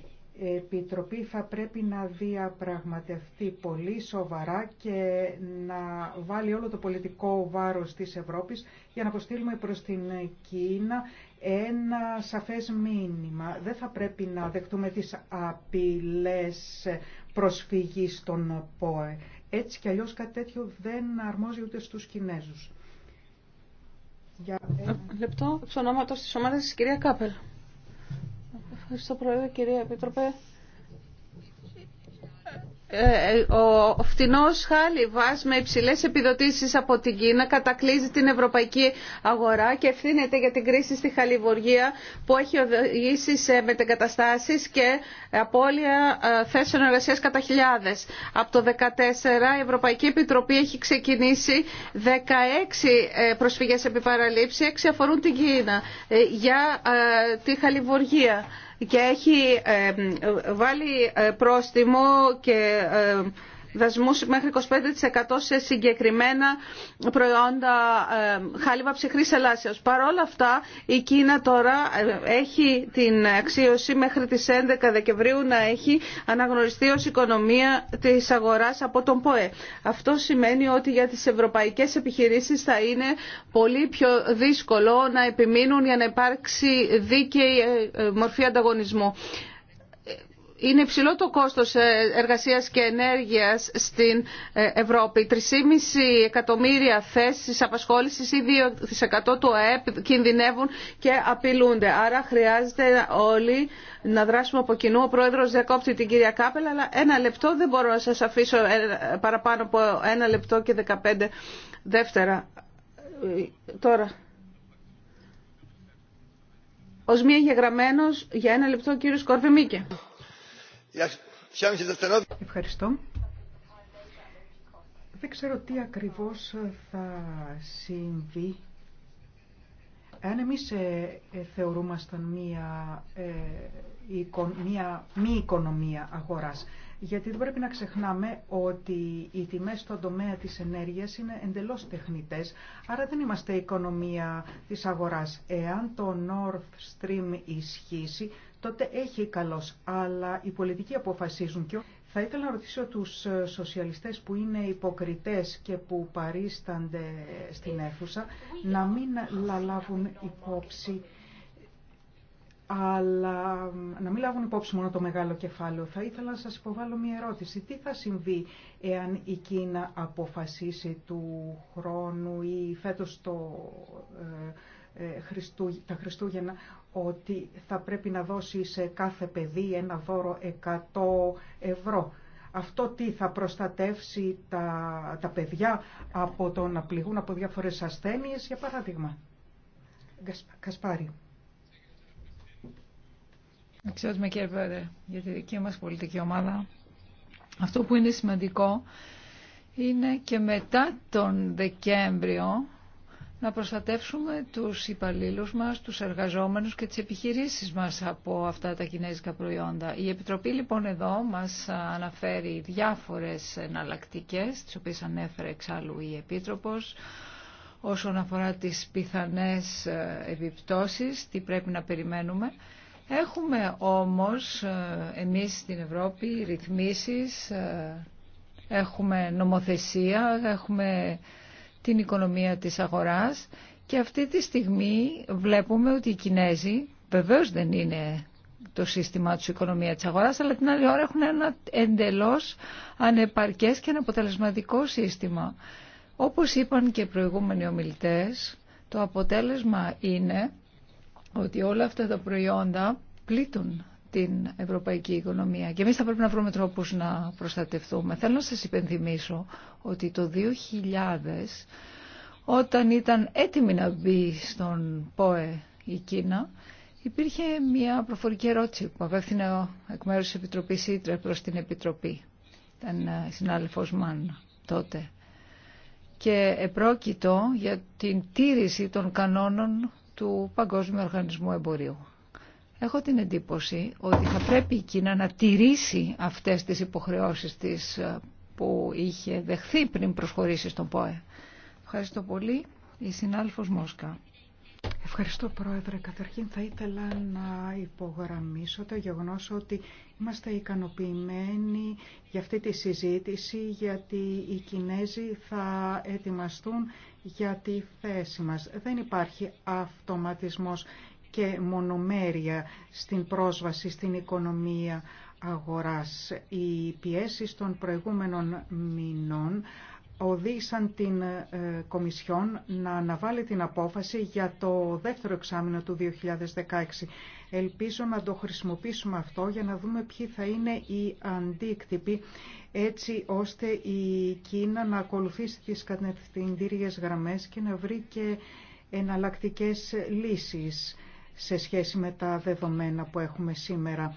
[SPEAKER 6] Επιτροπή θα πρέπει να διαπραγματευτεί πολύ σοβαρά και να βάλει όλο το πολιτικό βάρος της Ευρώπης για να αποστείλουμε προς την Κίνα ένα σαφές μήνυμα. Δεν θα πρέπει να δεχτούμε τις απειλές προσφυγής των ΠΟΕ. Έτσι κι αλλιώς κάτι τέτοιο δεν αρμόζει ούτε στους Κινέζους.
[SPEAKER 5] Για... Λεπτό, ψωνόματος τη ομάδα τη κυρία Κάπελ. Ευχαριστώ Πρόεδρε, κυρία Επίτροπε. Ε, ο φτηνός χάλιβας με υψηλές επιδοτήσεις από την Κίνα κατακλείζει την ευρωπαϊκή αγορά και ευθύνεται για την κρίση στη χαλιβουργία που έχει οδηγήσει σε μετεγκαταστάσεις και απώλεια ε, θέσεων εργασία κατά χιλιάδες. Από το 2014 η Ευρωπαϊκή Επιτροπή έχει ξεκινήσει 16 ε, προσφυγές επί 6 αφορούν την Κίνα για τη χαλιβουργία και έχει ε, βάλει ε, πρόστιμο και ε, δασμούς μέχρι 25% σε συγκεκριμένα προϊόντα ε, χάλιβα ψυχρής ελάσσεως. Παρ' όλα αυτά η Κίνα τώρα ε, έχει την αξίωση μέχρι τις 11 Δεκεμβρίου να έχει αναγνωριστεί ως οικονομία της αγοράς από τον ΠΟΕ. Αυτό σημαίνει ότι για τις ευρωπαϊκές επιχειρήσεις θα είναι πολύ πιο δύσκολο να επιμείνουν για να υπάρξει δίκαιη ε, μορφή ανταγωνισμού είναι υψηλό το κόστος ε, εργασίας και ενέργειας στην ε, Ευρώπη. 3,5 εκατομμύρια θέσεις απασχόλησης ή 2% του ΑΕΠ κινδυνεύουν και απειλούνται. Άρα χρειάζεται όλοι να δράσουμε από κοινού. Ο Πρόεδρος διακόπτει την κυρία Κάπελα, αλλά ένα λεπτό δεν μπορώ να σας αφήσω ε, παραπάνω από ένα λεπτό και 15 δεύτερα. Τώρα. Ως μία γεγραμμένος για ένα λεπτό ο κύριος Κορβεμίκε. Ευχαριστώ. Δεν ξέρω τι ακριβώς θα
[SPEAKER 6] συμβεί αν εμείς ε, ε, θεωρούμασταν ε, μία, μη οικονομία αγοράς. Γιατί δεν πρέπει να ξεχνάμε ότι οι τιμές στον τομέα της ενέργειας είναι εντελώς τεχνητές, άρα δεν είμαστε οικονομία της αγοράς. Εάν το North Stream ισχύσει, τότε έχει καλός. Αλλά οι πολιτικοί αποφασίζουν και θα ήθελα να ρωτήσω τους ε, σοσιαλιστές που είναι υποκριτές και που παρίστανται στην αίθουσα να μην λαλάβουν υπόψη αλλά να μην λάβουν υπόψη μόνο το μεγάλο κεφάλαιο. Θα ήθελα να σας υποβάλω μία ερώτηση. Τι θα συμβεί εάν η Κίνα αποφασίσει του χρόνου ή φέτος το ε, ε, τα Χριστούγεννα ότι θα πρέπει να δώσει σε κάθε παιδί ένα δώρο 100 ευρώ. Αυτό τι θα προστατεύσει τα, τα παιδιά από το να πληγούν από διάφορες
[SPEAKER 7] ασθένειες, για παράδειγμα. Κασπάρη. Εξαιρετικό κύριε Πρόεδρε, για τη δική μας πολιτική ομάδα, αυτό που είναι σημαντικό είναι και μετά τον Δεκέμβριο να προστατεύσουμε τους υπαλλήλους μας, τους εργαζόμενους και τις επιχειρήσεις μας από αυτά τα κινέζικα προϊόντα. Η Επιτροπή λοιπόν εδώ μας αναφέρει διάφορες εναλλακτικέ, τις οποίες ανέφερε εξάλλου η Επίτροπος, όσον αφορά τις πιθανές ε, επιπτώσεις, τι πρέπει να περιμένουμε. Έχουμε όμως ε, εμείς στην Ευρώπη ρυθμίσεις, ε, έχουμε νομοθεσία, έχουμε την οικονομία της αγοράς και αυτή τη στιγμή βλέπουμε ότι οι Κινέζοι βεβαίως δεν είναι το σύστημά τους οικονομία της αγοράς, αλλά την άλλη ώρα έχουν ένα εντελώς ανεπαρκές και αναποτελεσματικό σύστημα. Όπως είπαν και οι προηγούμενοι ομιλητές, το αποτέλεσμα είναι ότι όλα αυτά τα προϊόντα πλήττουν την ευρωπαϊκή οικονομία. Και εμείς θα πρέπει να βρούμε τρόπους να προστατευτούμε. Θέλω να σας υπενθυμίσω ότι το 2000 όταν ήταν έτοιμη να μπει στον ΠΟΕ η Κίνα, υπήρχε μια προφορική ερώτηση που απέφθηνε εκ μέρους της Επιτροπής Ήτρε προς την Επιτροπή. Ήταν ε, συνάδελφος Μάν τότε. Και επρόκειτο για την τήρηση των κανόνων του Παγκόσμιου Οργανισμού Εμπορίου. Έχω την εντύπωση ότι θα πρέπει η Κίνα να τηρήσει αυτές τις υποχρεώσεις της ε, που είχε δεχθεί πριν προσχωρήσει στον ΠΟΕ. Ευχαριστώ πολύ. Η συνάλφος Μόσκα. Ευχαριστώ Πρόεδρε. Καταρχήν θα ήθελα να
[SPEAKER 6] υπογραμμίσω το γεγονός ότι είμαστε ικανοποιημένοι για αυτή τη συζήτηση γιατί οι Κινέζοι θα ετοιμαστούν για τη θέση μας. Δεν υπάρχει αυτοματισμός και μονομέρεια στην πρόσβαση στην οικονομία αγοράς. Οι πιέσεις των προηγούμενων μηνών οδήγησαν την ε, Κομισιόν να αναβάλει την απόφαση για το δεύτερο εξάμεινο του 2016. Ελπίζω να το χρησιμοποιήσουμε αυτό για να δούμε ποιοι θα είναι οι αντίκτυποι έτσι ώστε η Κίνα να ακολουθήσει τις κατευθυντήριες γραμμές και να βρει και εναλλακτικές λύσεις σε σχέση με τα δεδομένα που έχουμε σήμερα.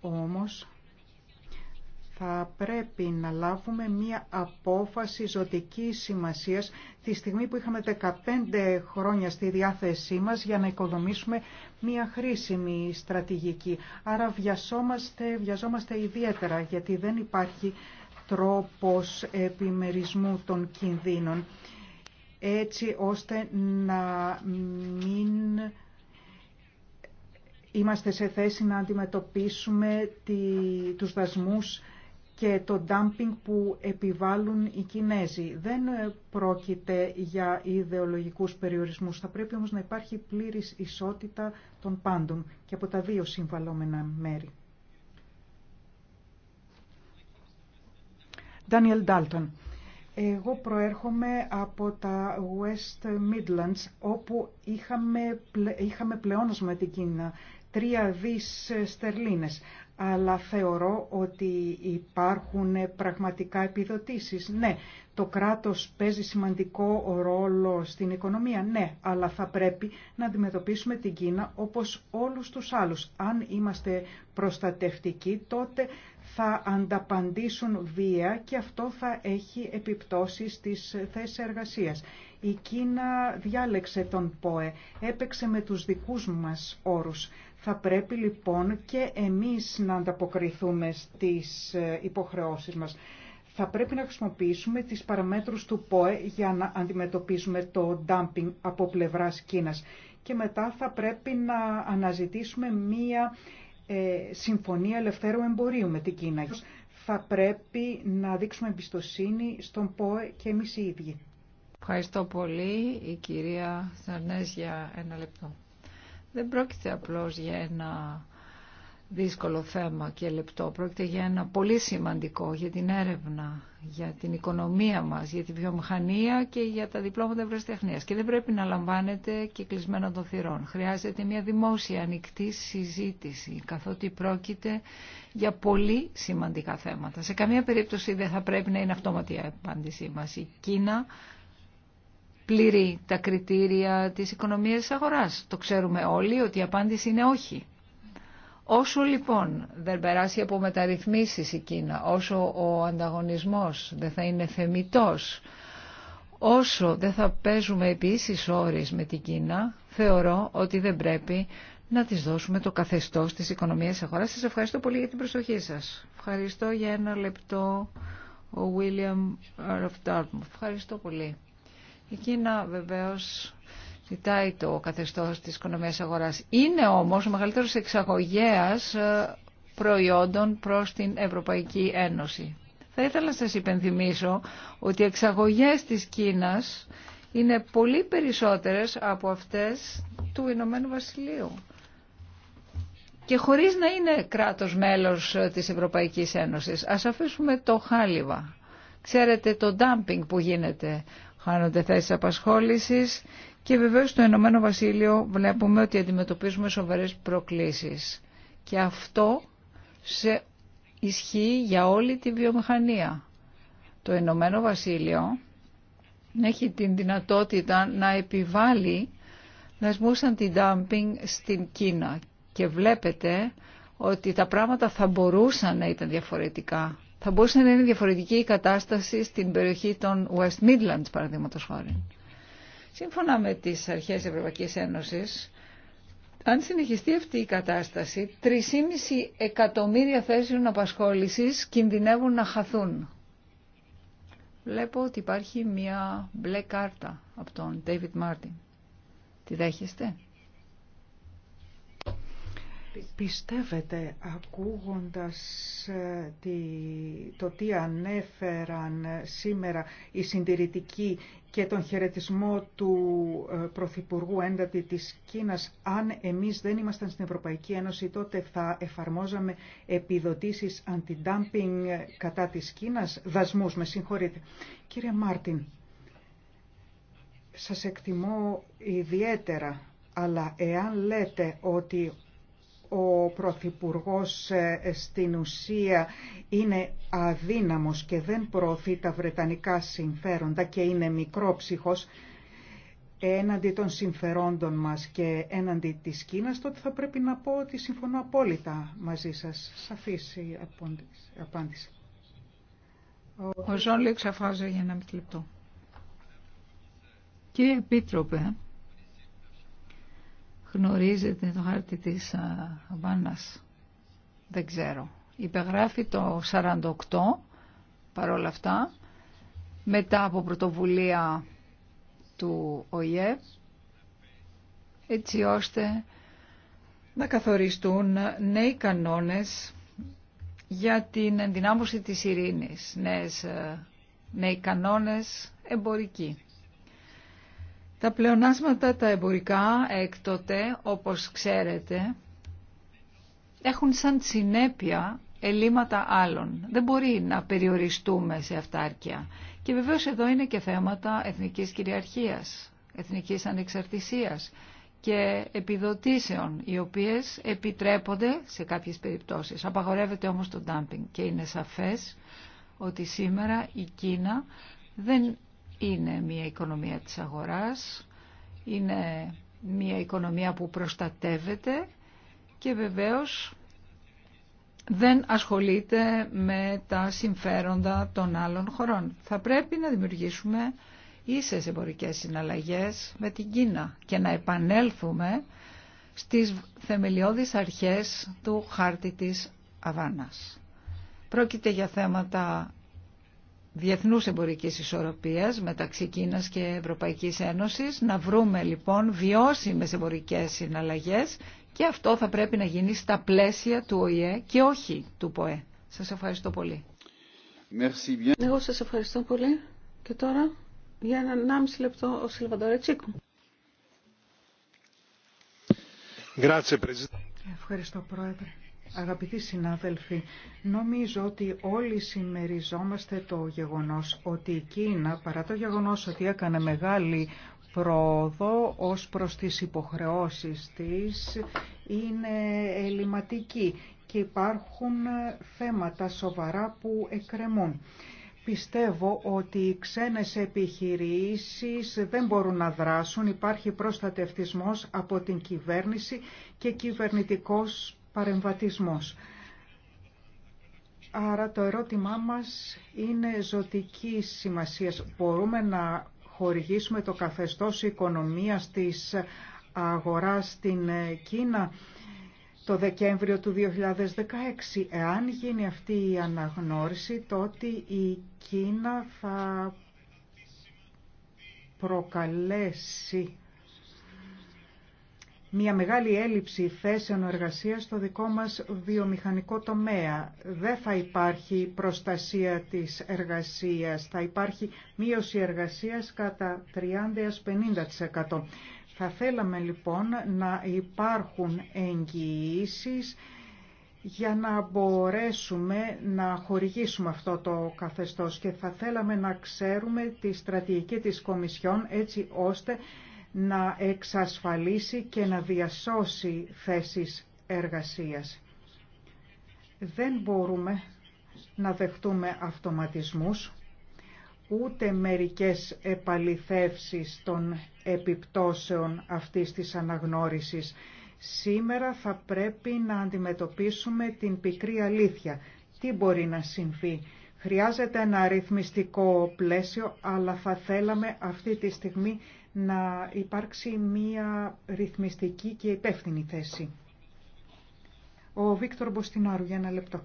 [SPEAKER 6] Όμως θα πρέπει να λάβουμε μία απόφαση ζωτικής σημασίας τη στιγμή που είχαμε 15 χρόνια στη διάθεσή μας για να οικοδομήσουμε μία χρήσιμη στρατηγική. Άρα βιαζόμαστε, βιαζόμαστε ιδιαίτερα γιατί δεν υπάρχει τρόπος επιμερισμού των κινδύνων έτσι ώστε να μην Είμαστε σε θέση να αντιμετωπίσουμε τη, τους δασμούς και το dumping που επιβάλλουν οι Κινέζοι. Δεν ε, πρόκειται για ιδεολογικούς περιορισμούς. Θα πρέπει όμως να υπάρχει πλήρης ισότητα των πάντων και από τα δύο συμβαλόμενα μέρη. Daniel Dalton. Εγώ προέρχομαι από τα West Midlands, όπου είχαμε, είχαμε πλεόνασμα την Κίνα Τρία δις στερλίνες. Αλλά θεωρώ ότι υπάρχουν πραγματικά επιδοτήσεις. Ναι, το κράτος παίζει σημαντικό ρόλο στην οικονομία, ναι, αλλά θα πρέπει να αντιμετωπίσουμε την Κίνα όπως όλους τους άλλους. Αν είμαστε προστατευτικοί, τότε θα ανταπαντήσουν βία και αυτό θα έχει επιπτώσεις στις θέσεις εργασίας. Η Κίνα διάλεξε τον ΠΟΕ, έπαιξε με τους δικούς μας όρους. Θα πρέπει λοιπόν και εμείς να ανταποκριθούμε στις ε, υποχρεώσεις μας. Θα πρέπει να χρησιμοποιήσουμε τις παραμέτρους του ΠΟΕ για να αντιμετωπίσουμε το dumping από πλευράς Κίνας. Και μετά θα πρέπει να αναζητήσουμε μία ε, συμφωνία ελευθέρου εμπορίου με την Κίνα. Θα πρέπει να
[SPEAKER 7] δείξουμε εμπιστοσύνη στον ΠΟΕ και εμείς οι ίδιοι. Ευχαριστώ πολύ η κυρία Σαρνές για ένα λεπτό δεν πρόκειται απλώς για ένα δύσκολο θέμα και λεπτό. Πρόκειται για ένα πολύ σημαντικό για την έρευνα, για την οικονομία μας, για τη βιομηχανία και για τα διπλώματα ευρεσιτεχνία. Και δεν πρέπει να λαμβάνεται και κλεισμένο των θυρών. Χρειάζεται μια δημόσια ανοιχτή συζήτηση, καθότι πρόκειται για πολύ σημαντικά θέματα. Σε καμία περίπτωση δεν θα πρέπει να είναι αυτόματη η απάντησή μας. Η Κίνα πληρεί τα κριτήρια της οικονομίας αγοράς. Το ξέρουμε όλοι ότι η απάντηση είναι όχι. Όσο λοιπόν δεν περάσει από μεταρρυθμίσεις η Κίνα, όσο ο ανταγωνισμός δεν θα είναι θεμητός, όσο δεν θα παίζουμε επίσης όρεις με την Κίνα, θεωρώ ότι δεν πρέπει να τις δώσουμε το καθεστώς της οικονομίας αγοράς. Σας ευχαριστώ πολύ για την προσοχή σας. Ευχαριστώ για ένα λεπτό ο William Earl of Dartmouth. Ευχαριστώ πολύ. Η Κίνα βεβαίως ζητάει το καθεστώς της οικονομίας αγοράς. Είναι όμως ο μεγαλύτερος εξαγωγέας ε, προϊόντων προς την Ευρωπαϊκή Ένωση. Θα ήθελα να σας υπενθυμίσω ότι οι εξαγωγές της Κίνας είναι πολύ περισσότερες από αυτές του Ηνωμένου Βασιλείου. Και χωρίς να είναι κράτος μέλος ε, της Ευρωπαϊκής Ένωσης. Ας αφήσουμε το χάλιβα. Ξέρετε το dumping που γίνεται χάνονται θέσεις απασχόλησης και βεβαίως στο Ηνωμένο Βασίλειο βλέπουμε ότι αντιμετωπίζουμε σοβαρές προκλήσεις. Και αυτό σε ισχύει για όλη τη βιομηχανία. Το Ηνωμένο Βασίλειο έχει την δυνατότητα να επιβαλλει σμούσαν την αντι-dumping στην Κίνα και βλέπετε ότι τα πράγματα θα μπορούσαν να ήταν διαφορετικά θα μπορούσε να είναι διαφορετική η κατάσταση στην περιοχή των West Midlands, παραδείγματο χάρη. Σύμφωνα με τις αρχές Ευρωπαϊκή Ένωσης, αν συνεχιστεί αυτή η κατάσταση, 3,5 εκατομμύρια θέσεων απασχόληση κινδυνεύουν να χαθούν. Βλέπω ότι υπάρχει μια μπλε κάρτα από τον David Martin. Τη δέχεστε?
[SPEAKER 6] Πιστεύετε, ακούγοντας ε, το τι ανέφεραν ε, σήμερα η συντηρητική και τον χαιρετισμό του ε, Πρωθυπουργού έντατη της Κίνας, αν εμείς δεν ήμασταν στην Ευρωπαϊκή Ένωση, τότε θα εφαρμόζαμε επιδοτήσεις αντι-dumping κατά της Κίνας, δασμούς, με συγχωρείτε. Κύριε Μάρτιν, σας εκτιμώ ιδιαίτερα αλλά εάν λέτε ότι ο Πρωθυπουργός ε, στην ουσία είναι αδύναμος και δεν προωθεί τα βρετανικά συμφέροντα και είναι μικρόψυχος έναντι των συμφερόντων μας και έναντι της Κίνας, τότε θα πρέπει να πω ότι συμφωνώ απόλυτα μαζί σας. Σαφής η απάντηση.
[SPEAKER 7] Ο Ζόλιο εξαφάζει για ένα λεπτό. Κύριε Επίτροπε, γνωρίζετε το χάρτη της Αμπάνας. Δεν ξέρω. Υπεγράφει το 48 παρόλα αυτά μετά από πρωτοβουλία του ΟΙΕ, έτσι ώστε να καθοριστούν νέοι κανόνες για την ενδυνάμωση της ειρήνης, νέες, ε, νέοι κανόνες εμπορικοί. Τα πλεονάσματα τα εμπορικά έκτοτε, όπως ξέρετε, έχουν σαν συνέπεια ελλείμματα άλλων. Δεν μπορεί να περιοριστούμε σε αυτάρκεια. Και βεβαίως εδώ είναι και θέματα εθνικής κυριαρχίας, εθνικής ανεξαρτησίας και επιδοτήσεων, οι οποίες επιτρέπονται σε κάποιες περιπτώσεις. Απαγορεύεται όμως το ντάμπινγκ και είναι σαφές ότι σήμερα η Κίνα δεν είναι μια οικονομία της αγοράς, είναι μια οικονομία που προστατεύεται και βεβαίως δεν ασχολείται με τα συμφέροντα των άλλων χωρών. Θα πρέπει να δημιουργήσουμε ίσες εμπορικές συναλλαγές με την Κίνα και να επανέλθουμε στις θεμελιώδεις αρχές του χάρτη της Αβάνας. Πρόκειται για θέματα διεθνούς εμπορικής ισορροπίας μεταξύ Κίνας και Ευρωπαϊκής Ένωσης, να βρούμε λοιπόν βιώσιμες εμπορικές συναλλαγές και αυτό θα πρέπει να γίνει στα πλαίσια του ΟΗΕ και όχι του ΠΟΕ. Σας ευχαριστώ πολύ.
[SPEAKER 5] Εγώ σας ευχαριστώ πολύ και τώρα για ένα 1,5 λεπτό ο Σιλβαντορετσίκου.
[SPEAKER 6] Ευχαριστώ Πρόεδρε. Αγαπητοί συνάδελφοι, νομίζω ότι όλοι συμμεριζόμαστε το γεγονός ότι η Κίνα, παρά το γεγονός ότι έκανε μεγάλη πρόοδο ως προς τις υποχρεώσεις της, είναι ελληματική και υπάρχουν θέματα σοβαρά που εκκρεμούν. Πιστεύω ότι οι ξένες επιχειρήσεις δεν μπορούν να δράσουν. Υπάρχει προστατευτισμός από την κυβέρνηση και κυβερνητικός παρεμβατισμός. Άρα το ερώτημά μας είναι ζωτική σημασία. Μπορούμε να χορηγήσουμε το καθεστώς οικονομίας της αγοράς στην Κίνα το Δεκέμβριο του 2016. Εάν γίνει αυτή η αναγνώριση, τότε η Κίνα θα προκαλέσει μια μεγάλη έλλειψη θέσεων εργασίας στο δικό μας βιομηχανικό τομέα. Δεν θα υπάρχει προστασία της εργασίας, θα υπάρχει μείωση εργασίας κατά 30-50%. Θα θέλαμε λοιπόν να υπάρχουν εγγυήσει για να μπορέσουμε να χορηγήσουμε αυτό το καθεστώς και θα θέλαμε να ξέρουμε τη στρατηγική της Κομισιόν έτσι ώστε να εξασφαλίσει και να διασώσει θέσεις εργασίας. Δεν μπορούμε να δεχτούμε αυτοματισμούς, ούτε μερικές επαληθεύσεις των επιπτώσεων αυτής της αναγνώρισης. Σήμερα θα πρέπει να αντιμετωπίσουμε την πικρή αλήθεια. Τι μπορεί να συμβεί. Χρειάζεται ένα αριθμιστικό πλαίσιο, αλλά θα θέλαμε αυτή τη στιγμή να υπάρξει μία ρυθμιστική και υπεύθυνη θέση.
[SPEAKER 7] Ο Βίκτορ Μποστινάρου για ένα λεπτό.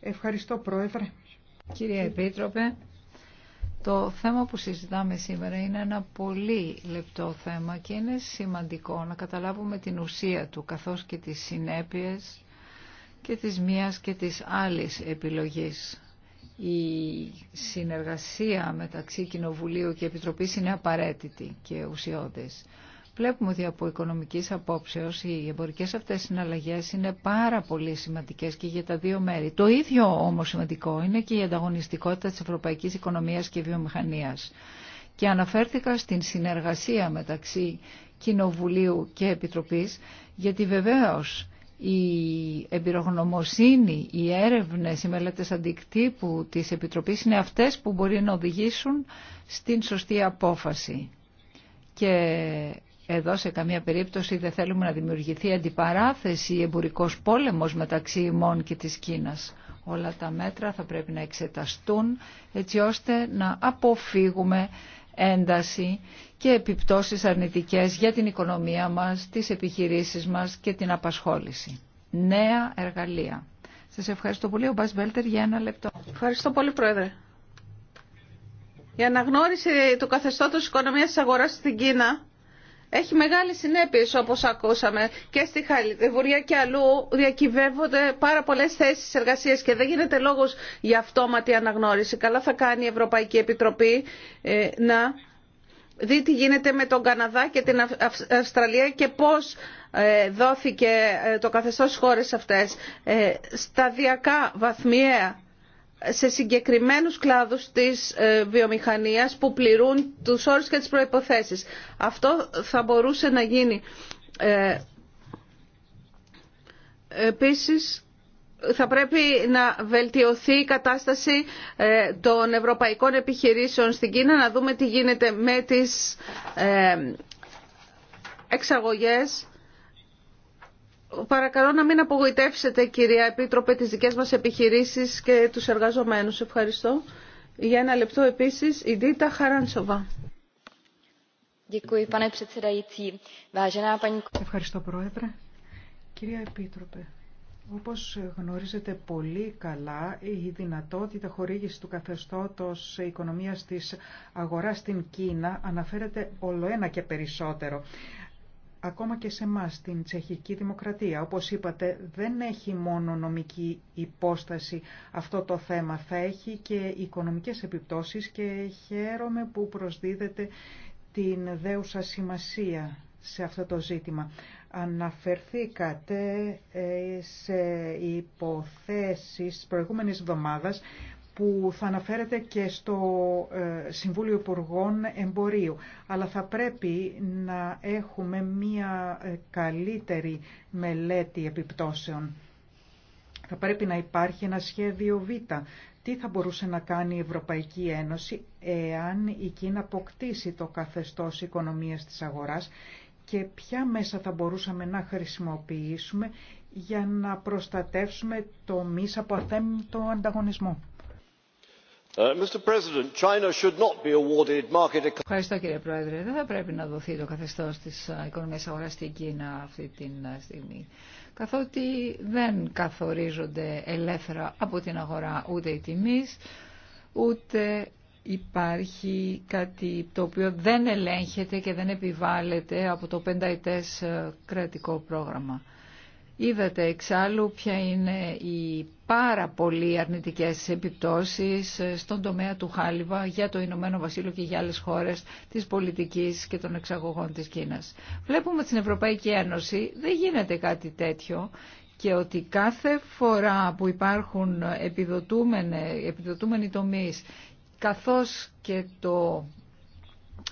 [SPEAKER 7] Ευχαριστώ Πρόεδρε. Κύριε Επίτροπε, το θέμα που συζητάμε σήμερα είναι ένα πολύ λεπτό θέμα και είναι σημαντικό να καταλάβουμε την ουσία του καθώς και τις συνέπειες και της μίας και της άλλης επιλογής η συνεργασία μεταξύ Κοινοβουλίου και Επιτροπής είναι απαραίτητη και ουσιώδης. Βλέπουμε ότι από οικονομικής απόψεως οι εμπορικές αυτές συναλλαγές είναι πάρα πολύ σημαντικές και για τα δύο μέρη. Το ίδιο όμως σημαντικό είναι και η ανταγωνιστικότητα της ευρωπαϊκής οικονομίας και βιομηχανίας. Και αναφέρθηκα στην συνεργασία μεταξύ Κοινοβουλίου και Επιτροπής, γιατί βεβαίως η εμπειρογνωμοσύνη, οι έρευνες, οι μελέτες αντικτύπου της Επιτροπής είναι αυτές που μπορεί να οδηγήσουν στην σωστή απόφαση. Και εδώ σε καμία περίπτωση δεν θέλουμε να δημιουργηθεί αντιπαράθεση ή εμπορικός πόλεμος μεταξύ ημών και της Κίνας. Όλα τα μέτρα θα πρέπει να εξεταστούν έτσι ώστε να αποφύγουμε ένταση και επιπτώσεις αρνητικές για την οικονομία μας, τις επιχειρήσεις μας και την απασχόληση. Νέα εργαλεία. Σας ευχαριστώ πολύ, ο Μπάς Μπέλτερ, για ένα λεπτό. Ευχαριστώ πολύ, Πρόεδρε.
[SPEAKER 5] Η αναγνώριση του καθεστώτος οικονομίας της αγοράς στην Κίνα έχει μεγάλη συνέπειες όπως ακούσαμε και στη Χαλιδευουρία και αλλού διακυβεύονται πάρα πολλές θέσεις εργασίας και δεν γίνεται λόγος για αυτόματη αναγνώριση. Καλά θα κάνει η Ευρωπαϊκή Επιτροπή ε, να δει τι γίνεται με τον Καναδά και την Αυστραλία και πώς ε, δόθηκε ε, το καθεστώς στις χώρες αυτές ε, σταδιακά, βαθμιαία σε συγκεκριμένους κλάδους της βιομηχανίας που πληρούν τους όρους και τις προϋποθέσεις. Αυτό θα μπορούσε να γίνει. Επίσης, θα πρέπει να βελτιωθεί η κατάσταση ε, των ευρωπαϊκών επιχειρήσεων στην Κίνα, να δούμε τι γίνεται με τις ε, εξαγωγές. Παρακαλώ να μην απογοητεύσετε, κυρία Επίτροπε, τις δικές μας επιχειρήσεις και τους εργαζομένους. Ευχαριστώ. Για ένα λεπτό επίσης, η Ντίτα Χαράντσοβα. Ευχαριστώ,
[SPEAKER 6] Πρόεδρε. Κυρία Επίτροπε, όπως γνωρίζετε πολύ καλά, η δυνατότητα χορήγησης του καθεστώτος οικονομίας της αγοράς στην Κίνα αναφέρεται όλο ένα και περισσότερο. Ακόμα και σε μας την τσεχική δημοκρατία, όπως είπατε, δεν έχει μόνο νομική υπόσταση αυτό το θέμα. Θα έχει και οικονομικές επιπτώσεις και χαίρομαι που προσδίδεται την δέουσα σημασία σε αυτό το ζήτημα. Αναφερθήκατε ε, σε υποθέσεις προηγούμενης εβδομάδας που θα αναφέρεται και στο ε, Συμβούλιο Υπουργών Εμπορίου. Αλλά θα πρέπει να έχουμε μία ε, καλύτερη μελέτη επιπτώσεων. Θα πρέπει να υπάρχει ένα σχέδιο Β. Τι θα μπορούσε να κάνει η Ευρωπαϊκή Ένωση εάν η Κίνα αποκτήσει το καθεστώς οικονομίας της αγοράς και ποια μέσα θα μπορούσαμε να χρησιμοποιήσουμε για να προστατεύσουμε το μης από ανταγωνισμό.
[SPEAKER 1] Uh,
[SPEAKER 2] Ευχαριστώ κύριε
[SPEAKER 7] Πρόεδρε. Δεν θα πρέπει να δοθεί το καθεστώς της uh, οικονομίας αγοράς στην Κίνα αυτή τη uh, στιγμή. Καθότι δεν καθορίζονται ελεύθερα από την αγορά ούτε οι τιμής, ούτε υπάρχει κάτι το οποίο δεν ελέγχεται και δεν επιβάλλεται από το πενταετές ε, κρατικό πρόγραμμα. Είδατε εξάλλου ποια είναι οι πάρα πολύ αρνητικές επιπτώσεις ε, στον τομέα του Χάλιβα για το Ηνωμένο Βασίλειο και για άλλες χώρες της πολιτικής και των εξαγωγών της Κίνας. Βλέπουμε στην Ευρωπαϊκή Ένωση δεν γίνεται κάτι τέτοιο και ότι κάθε φορά που υπάρχουν επιδοτούμενοι τομείς καθώς και το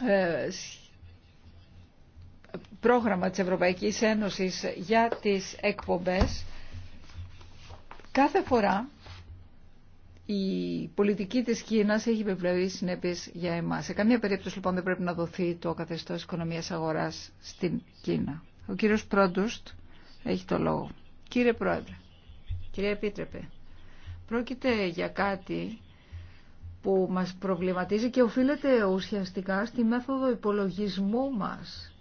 [SPEAKER 7] ε, πρόγραμμα της Ευρωπαϊκής Ένωσης για τις εκπομπές, κάθε φορά η πολιτική της Κίνας έχει επιβλεβεί συνέπειες για εμάς. Σε καμία περίπτωση λοιπόν δεν πρέπει να δοθεί το καθεστώς οικονομίας αγοράς στην Κίνα. Ο κύριος Πρόντουστ έχει το λόγο. Κύριε Πρόεδρε, κύριε Επίτρεπε, πρόκειται για κάτι που μας προβληματίζει και οφείλεται ουσιαστικά στη μέθοδο υπολογισμού μας.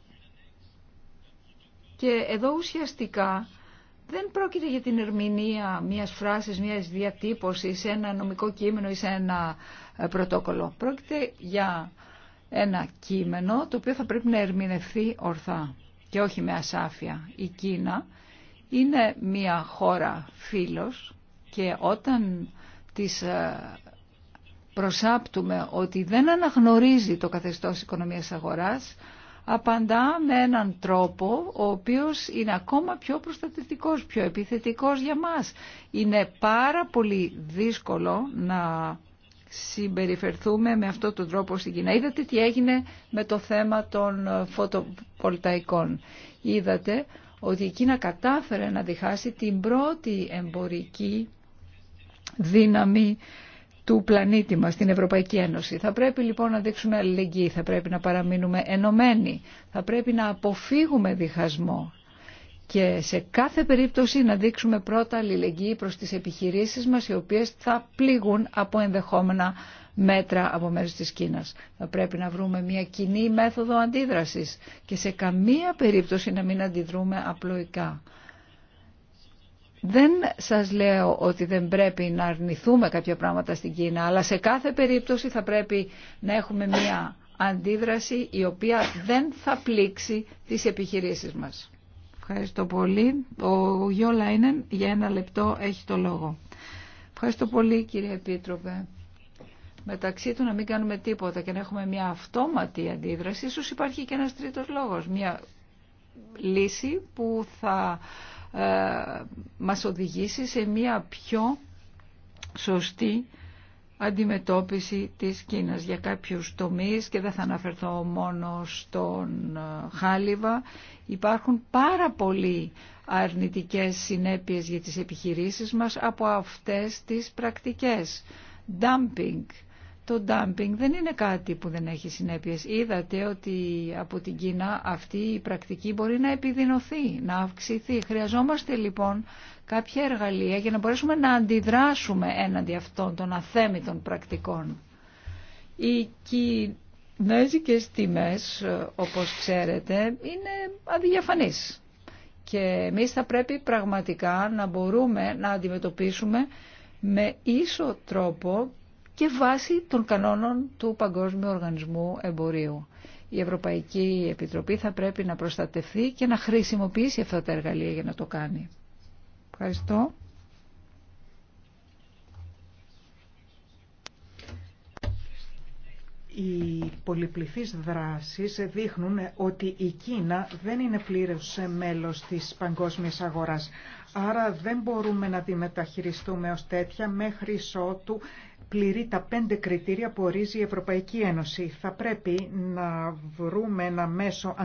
[SPEAKER 7] Και εδώ ουσιαστικά δεν πρόκειται για την ερμηνεία μιας φράσης, μιας διατύπωσης σε ένα νομικό κείμενο ή σε ένα ε, πρωτόκολλο. Πρόκειται για ένα κείμενο το οποίο θα πρέπει να ερμηνευθεί ορθά και όχι με ασάφεια. Η Κίνα είναι μια χώρα φίλος και όταν της ε, προσάπτουμε ότι δεν αναγνωρίζει το καθεστώς οικονομίας αγοράς, απαντά με έναν τρόπο ο οποίος είναι ακόμα πιο προστατευτικός, πιο επιθετικός για μας. Είναι πάρα πολύ δύσκολο να συμπεριφερθούμε με αυτόν τον τρόπο στην Κίνα. Είδατε τι έγινε με το θέμα των φωτοβολταϊκών. Είδατε ότι η Κίνα κατάφερε να διχάσει την πρώτη εμπορική δύναμη του πλανήτη μας, την Ευρωπαϊκή Ένωση. Θα πρέπει λοιπόν να δείξουμε αλληλεγγύη, θα πρέπει να παραμείνουμε ενωμένοι, θα πρέπει να αποφύγουμε διχασμό και σε κάθε περίπτωση να δείξουμε πρώτα αλληλεγγύη προς τις επιχειρήσεις μας οι οποίες θα πληγούν από ενδεχόμενα μέτρα από μέρους της Κίνας. Θα πρέπει να βρούμε μια κοινή μέθοδο αντίδρασης και σε καμία περίπτωση να μην αντιδρούμε απλοϊκά. Δεν σας λέω ότι δεν πρέπει να αρνηθούμε κάποια πράγματα στην Κίνα, αλλά σε κάθε περίπτωση θα πρέπει να έχουμε μια αντίδραση η οποία δεν θα πλήξει τις επιχειρήσεις μας. Ευχαριστώ πολύ. Ο Γιώ Λάινεν για ένα λεπτό έχει το λόγο. Ευχαριστώ πολύ κύριε Επίτροπε. Μεταξύ του να μην κάνουμε τίποτα και να έχουμε μια αυτόματη αντίδραση, ίσως υπάρχει και ένας τρίτος λόγος, μια λύση που θα ε, μας οδηγήσει σε μια πιο σωστή αντιμετώπιση της Κίνας για κάποιους τομείς και δεν θα αναφερθώ μόνο στον ε, Χάλιβα. Υπάρχουν πάρα πολλοί αρνητικές συνέπειες για τις επιχειρήσεις μας από αυτές τις πρακτικές. Dumping, το dumping δεν είναι κάτι που δεν έχει συνέπειες. Είδατε ότι από την Κίνα αυτή η πρακτική μπορεί να επιδεινωθεί, να αυξηθεί. Χρειαζόμαστε λοιπόν κάποια εργαλεία για να μπορέσουμε να αντιδράσουμε έναντι αυτών των αθέμητων πρακτικών. Οι κινέζικες τιμές, όπως ξέρετε, είναι αδιαφανείς. Και εμείς θα πρέπει πραγματικά να μπορούμε να αντιμετωπίσουμε με ίσο τρόπο και βάσει των κανόνων του Παγκόσμιου Οργανισμού Εμπορίου. Η Ευρωπαϊκή Επιτροπή θα πρέπει να προστατευτεί... και να χρησιμοποιήσει αυτά τα εργαλεία για να το κάνει. Ευχαριστώ.
[SPEAKER 6] οι πολυπληθείς δράσεις δείχνουν ότι η Κίνα δεν είναι πλήρως μέλος της παγκόσμιας αγοράς. Άρα δεν μπορούμε να τη μεταχειριστούμε ως τέτοια μέχρι ότου πληρεί τα πέντε κριτήρια που ορίζει η Ευρωπαϊκή Ένωση. Θα πρέπει να βρούμε ένα μέσο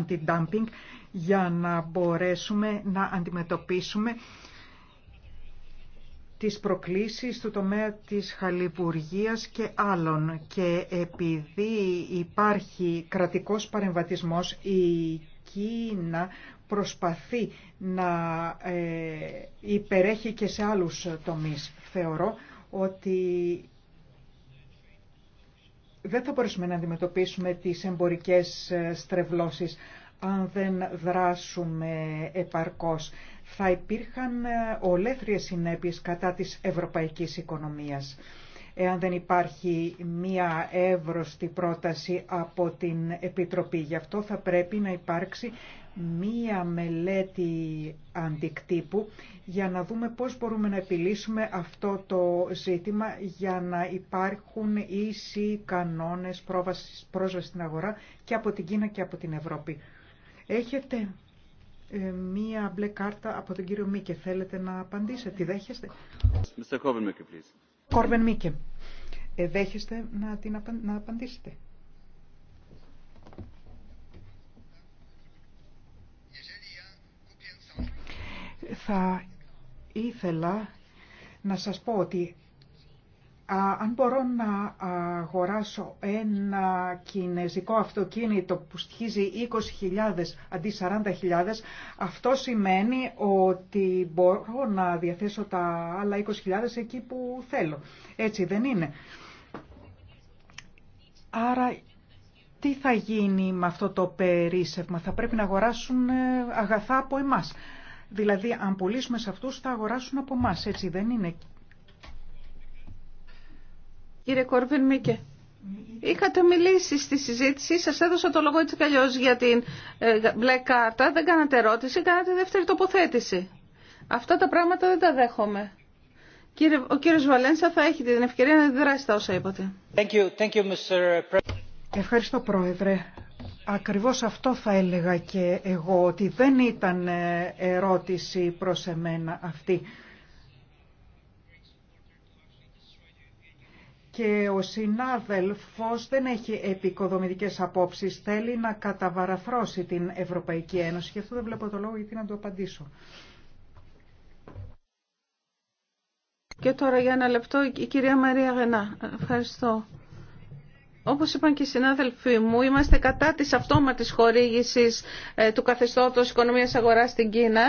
[SPEAKER 6] για να μπορέσουμε να αντιμετωπίσουμε τις προκλήσεις του τομέα της χαλιβουργίας και άλλων. Και επειδή υπάρχει κρατικός παρεμβατισμός, η Κίνα προσπαθεί να ε, υπερέχει και σε άλλους τομείς. Θεωρώ ότι δεν θα μπορέσουμε να αντιμετωπίσουμε τις εμπορικές ε, στρεβλώσεις αν δεν δράσουμε επαρκώς. Θα υπήρχαν ε, ολέθριες συνέπειες κατά της ευρωπαϊκής οικονομίας. Εάν δεν υπάρχει μία εύρωστη πρόταση από την Επιτροπή, γι' αυτό θα πρέπει να υπάρξει μία μελέτη αντικτύπου για να δούμε πώς μπορούμε να επιλύσουμε αυτό το ζήτημα για να υπάρχουν ίσοι κανόνες πρόσβαση στην αγορά και από την Κίνα και από την Ευρώπη. Έχετε ε, μία μπλε κάρτα από τον κύριο Μίκε. Θέλετε να απαντήσετε. δέχεστε. Κόρβεν Μίκε, δέχεστε να, την να απαντήσετε. Θα ήθελα να σας πω ότι αν μπορώ να αγοράσω ένα κινέζικο αυτοκίνητο που στοιχίζει 20.000 αντί 40.000, αυτό σημαίνει ότι μπορώ να διαθέσω τα άλλα 20.000 εκεί που θέλω. Έτσι δεν είναι. Άρα τι θα γίνει με αυτό το περίσευμα. Θα πρέπει να αγοράσουν ε, αγαθά από εμάς. Δηλαδή, αν πουλήσουμε σε αυτούς, θα αγοράσουν
[SPEAKER 5] από εμά. Έτσι δεν είναι. Κύριε Κόρβιν Μίκε, είχατε μιλήσει στη συζήτησή σας, έδωσα το λόγο έτσι καλλιώς για την ε, μπλε κάρτα, δεν κάνατε ερώτηση, κάνατε δεύτερη τοποθέτηση. Αυτά τα πράγματα δεν τα δέχομαι. Κύριε, ο κύριος Βαλένσα θα έχει την ευκαιρία να δράσει τα όσα είπατε.
[SPEAKER 6] Thank you. Thank you, Mr.
[SPEAKER 5] Ευχαριστώ, Πρόεδρε. Ακριβώς αυτό θα έλεγα
[SPEAKER 6] και εγώ, ότι δεν ήταν ε, ερώτηση προς εμένα αυτή. Και ο συνάδελφος δεν έχει επικοδομητικές απόψεις, θέλει να καταβαραθρώσει την Ευρωπαϊκή Ένωση και αυτό δεν βλέπω το λόγο γιατί να το απαντήσω.
[SPEAKER 5] Και τώρα για ένα λεπτό η κυρία Μαρία Γενά. Ευχαριστώ. Όπως είπαν και οι συνάδελφοί μου, είμαστε κατά της αυτόματης χορήγησης ε, του καθεστώτος οικονομίας αγοράς στην Κίνα,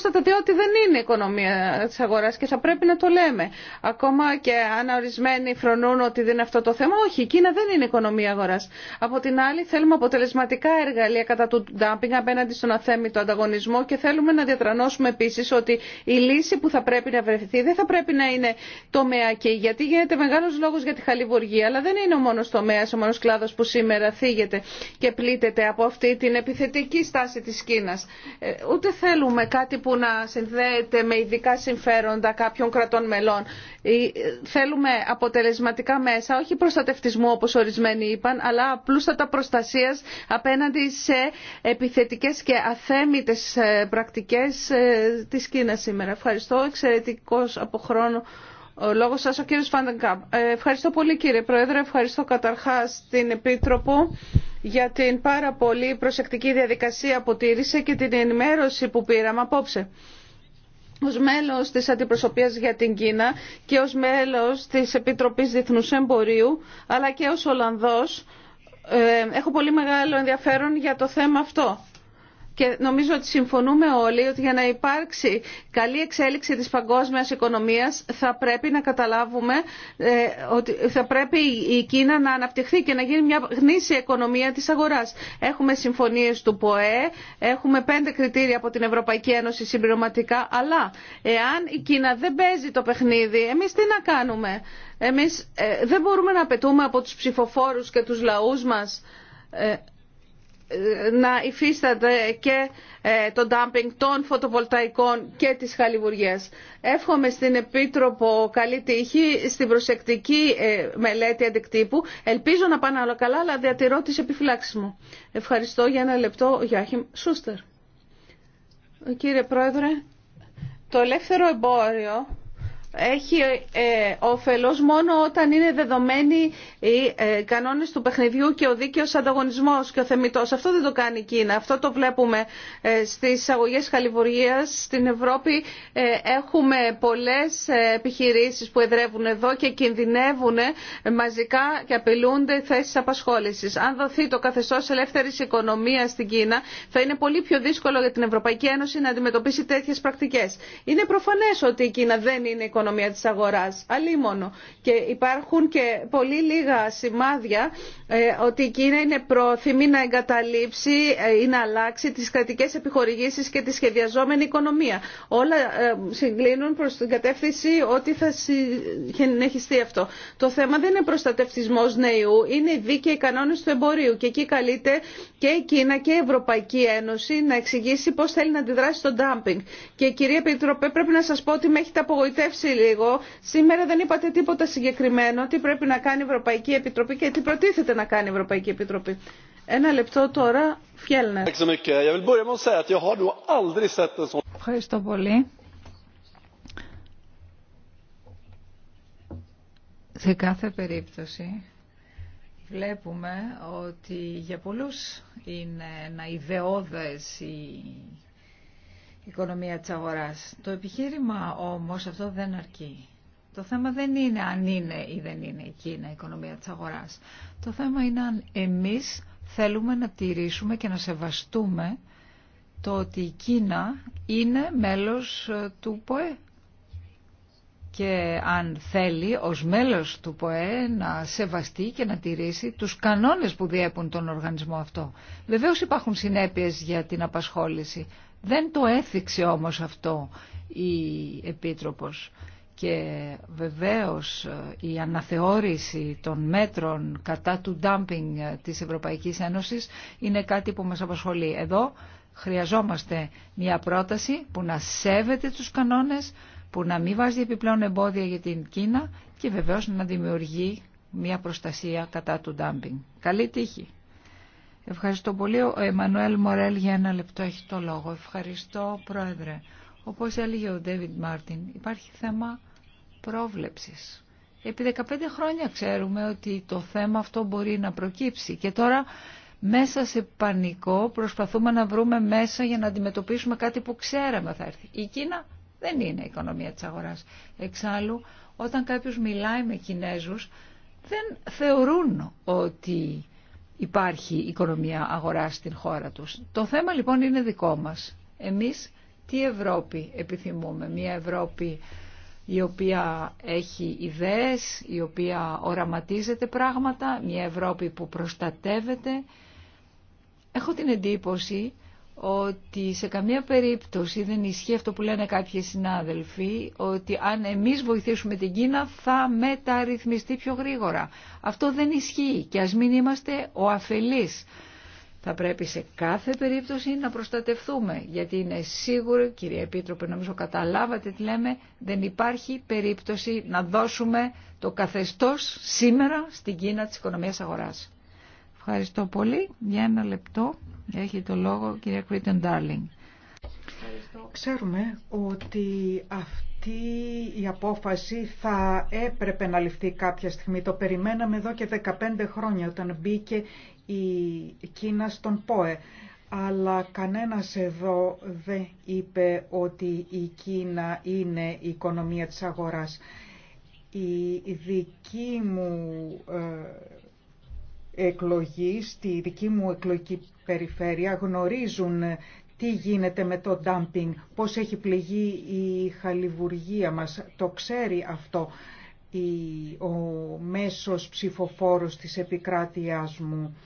[SPEAKER 5] θα δει ότι δεν είναι οικονομία της αγοράς και θα πρέπει να το λέμε. Ακόμα και αν ορισμένοι φρονούν ότι δεν είναι αυτό το θέμα, όχι, η Κίνα δεν είναι οικονομία αγοράς. Από την άλλη θέλουμε αποτελεσματικά εργαλεία κατά του ντάμπινγκ απέναντι στον αθέμητο ανταγωνισμό και θέλουμε να διατρανώσουμε επίσης ότι η λύση που θα πρέπει να βρεθεί δεν θα πρέπει να είναι τομεακή, γιατί γίνεται μεγάλος λόγος για τη χαλιβουργία, αλλά δεν είναι ο μόνος τομέας, ο μόνος κλάδος που σήμερα θίγεται και πλήττεται από αυτή την επιθετική στάση της Κίνας. Ε, ούτε θέλουμε κάτι που να συνδέεται με ειδικά συμφέροντα κάποιων κρατών μελών. Ε, θέλουμε αποτελεσματικά μέσα, όχι προστατευτισμού όπως ορισμένοι είπαν, αλλά απλούστατα προστασίας απέναντι σε επιθετικές και αθέμητες ε, πρακτικές της Κίνας σήμερα. Ευχαριστώ. Εξαιρετικός από χρόνο ο λόγος σας ο κύριος Φαντεγκάμπ. Ευχαριστώ πολύ κύριε Πρόεδρε, ευχαριστώ καταρχάς την Επίτροπο για την πάρα πολύ προσεκτική διαδικασία που τήρησε και την ενημέρωση που πήραμε απόψε ως μέλος της Αντιπροσωπείας για την Κίνα και ως μέλος της Επιτροπής Διεθνούς Εμπορίου, αλλά και ως Ολλανδός, ε, έχω πολύ μεγάλο ενδιαφέρον για το θέμα αυτό και νομίζω ότι συμφωνούμε όλοι ότι για να υπάρξει καλή εξέλιξη της παγκόσμιας οικονομίας θα πρέπει να καταλάβουμε ε, ότι θα πρέπει η Κίνα να αναπτυχθεί και να γίνει μια γνήσια οικονομία της αγοράς. Έχουμε συμφωνίες του ΠΟΕ, έχουμε πέντε κριτήρια από την Ευρωπαϊκή Ένωση συμπληρωματικά, αλλά εάν η Κίνα δεν παίζει το παιχνίδι, εμείς τι να κάνουμε. Εμείς ε, δεν μπορούμε να απαιτούμε από τους ψηφοφόρους και τους λαούς μας ε, να υφίσταται και ε, το ντάμπινγκ των φωτοβολταϊκών και της χαλιβουργίας. Εύχομαι στην Επίτροπο καλή τύχη, στην προσεκτική ε, μελέτη αντικτύπου. Ελπίζω να πάνε όλα καλά, αλλά διατηρώ τις επιφυλάξεις μου. Ευχαριστώ για ένα λεπτό, Γιάχιμ Σούστερ. Κύριε Πρόεδρε, το ελεύθερο εμπόριο έχει ε, όφελος μόνο όταν είναι δεδομένοι οι ε, κανόνες του παιχνιδιού και ο δίκαιος ανταγωνισμός και ο θεμητός. Αυτό δεν το κάνει η Κίνα. Αυτό το βλέπουμε ε, στις αγωγές χαλιβουργίας στην Ευρώπη. Ε, έχουμε πολλές ε, επιχειρήσεις που εδρεύουν εδώ και κινδυνεύουν ε, μαζικά και απειλούνται θέσεις απασχόλησης. Αν δοθεί το καθεστώς ελεύθερης οικονομίας στην Κίνα θα είναι πολύ πιο δύσκολο για την Ευρωπαϊκή Ένωση να αντιμετωπίσει τέτοιες πρακτικές. Είναι προφανές ότι η Κίνα δεν είναι οικονομική οικονομία της αγοράς. Αλίμονο. Και υπάρχουν και πολύ λίγα σημάδια ε, ότι η Κίνα είναι πρόθυμη να εγκαταλείψει ε, ή να αλλάξει τις κρατικές επιχορηγήσεις και τη σχεδιαζόμενη οικονομία. Όλα ε, συγκλίνουν προς την κατεύθυνση ότι θα συνεχιστεί αυτό. Το θέμα δεν είναι προστατευτισμός νέου, είναι οι δίκαιοι κανόνες του εμπορίου και εκεί καλείται και η Κίνα και η Ευρωπαϊκή Ένωση να εξηγήσει πώς θέλει να αντιδράσει στο ντάμπινγκ. Και κυρία Επιτροπέ πρέπει να σας πω ότι με έχετε απογοητεύσει λίγο. Σήμερα δεν είπατε τίποτα συγκεκριμένο τι πρέπει να κάνει η Ευρωπαϊκή Επιτροπή και τι προτίθεται να κάνει η Ευρωπαϊκή Επιτροπή. Ένα λεπτό τώρα, Φιέλνερ.
[SPEAKER 7] Ευχαριστώ πολύ. Σε κάθε περίπτωση βλέπουμε ότι για πολλούς είναι ένα ιδεώδες η οικονομία της αγοράς. Το επιχείρημα όμως αυτό δεν αρκεί. Το θέμα δεν είναι αν είναι ή δεν είναι η Κίνα η οικονομία της αγοράς. Το θέμα είναι αν εμείς θέλουμε να τηρήσουμε και να σεβαστούμε το ότι η Κίνα είναι μέλος ε, του ΠΟΕ και αν θέλει ως μέλος του ΠΟΕ να σεβαστεί και να τηρήσει τους κανόνες που διέπουν τον οργανισμό αυτό. Βεβαίως υπάρχουν συνέπειες για την απασχόληση. Δεν το έθιξε όμως αυτό η Επίτροπος και βεβαίως ε, η αναθεώρηση των μέτρων κατά του ντάμπινγκ ε, της Ευρωπαϊκής Ένωσης είναι κάτι που μας απασχολεί. Εδώ χρειαζόμαστε μια πρόταση που να σέβεται τους κανόνες, που να μην βάζει επιπλέον εμπόδια για την Κίνα και βεβαίως να δημιουργεί μια προστασία κατά του ντάμπινγκ. Καλή τύχη! Ευχαριστώ πολύ. Ο Εμμανουέλ Μορέλ για ένα λεπτό έχει το λόγο. Ευχαριστώ, Πρόεδρε. Όπως έλεγε ο Ντέβιντ Μάρτιν, υπάρχει θέμα πρόβλεψης. Επί 15 χρόνια ξέρουμε ότι το θέμα αυτό μπορεί να προκύψει και τώρα μέσα σε πανικό προσπαθούμε να βρούμε μέσα για να αντιμετωπίσουμε κάτι που ξέραμε θα έρθει. Η Κίνα δεν είναι η οικονομία της αγοράς. Εξάλλου, όταν κάποιος μιλάει με Κινέζους, δεν θεωρούν ότι υπάρχει οικονομία αγοράς στην χώρα τους. Το θέμα λοιπόν είναι δικό μας. Εμείς τι Ευρώπη επιθυμούμε. Μια Ευρώπη η οποία έχει ιδέες, η οποία οραματίζεται πράγματα, μια Ευρώπη που προστατεύεται. Έχω την εντύπωση ότι σε καμία περίπτωση δεν ισχύει αυτό που λένε κάποιοι συνάδελφοι, ότι αν εμείς βοηθήσουμε την Κίνα θα μεταρρυθμιστεί πιο γρήγορα. Αυτό δεν ισχύει και ας μην είμαστε ο αφελής. Θα πρέπει σε κάθε περίπτωση να προστατευτούμε, γιατί είναι σίγουρο, κυρία Επίτροπε, νομίζω καταλάβατε τι λέμε, δεν υπάρχει περίπτωση να δώσουμε το καθεστώς σήμερα στην Κίνα της οικονομίας αγοράς. Ευχαριστώ πολύ. Για ένα λεπτό. Έχει το λόγο κυρία Κρίτον Ντάρλινγκ. Ξέρουμε ότι αυτή
[SPEAKER 6] η απόφαση θα έπρεπε να ληφθεί κάποια στιγμή. Το περιμέναμε εδώ και 15 χρόνια όταν μπήκε η Κίνα στον ΠΟΕ. Αλλά κανένας εδώ δεν είπε ότι η Κίνα είναι η οικονομία της αγοράς. Η δική μου ε, εκλογή, στη δική μου εκλογική περιφέρεια γνωρίζουν τι γίνεται με το dumping, πώς έχει πληγεί η χαλιβουργία μας. Το ξέρει αυτό ο μέσος ψηφοφόρος της επικράτειάς μου.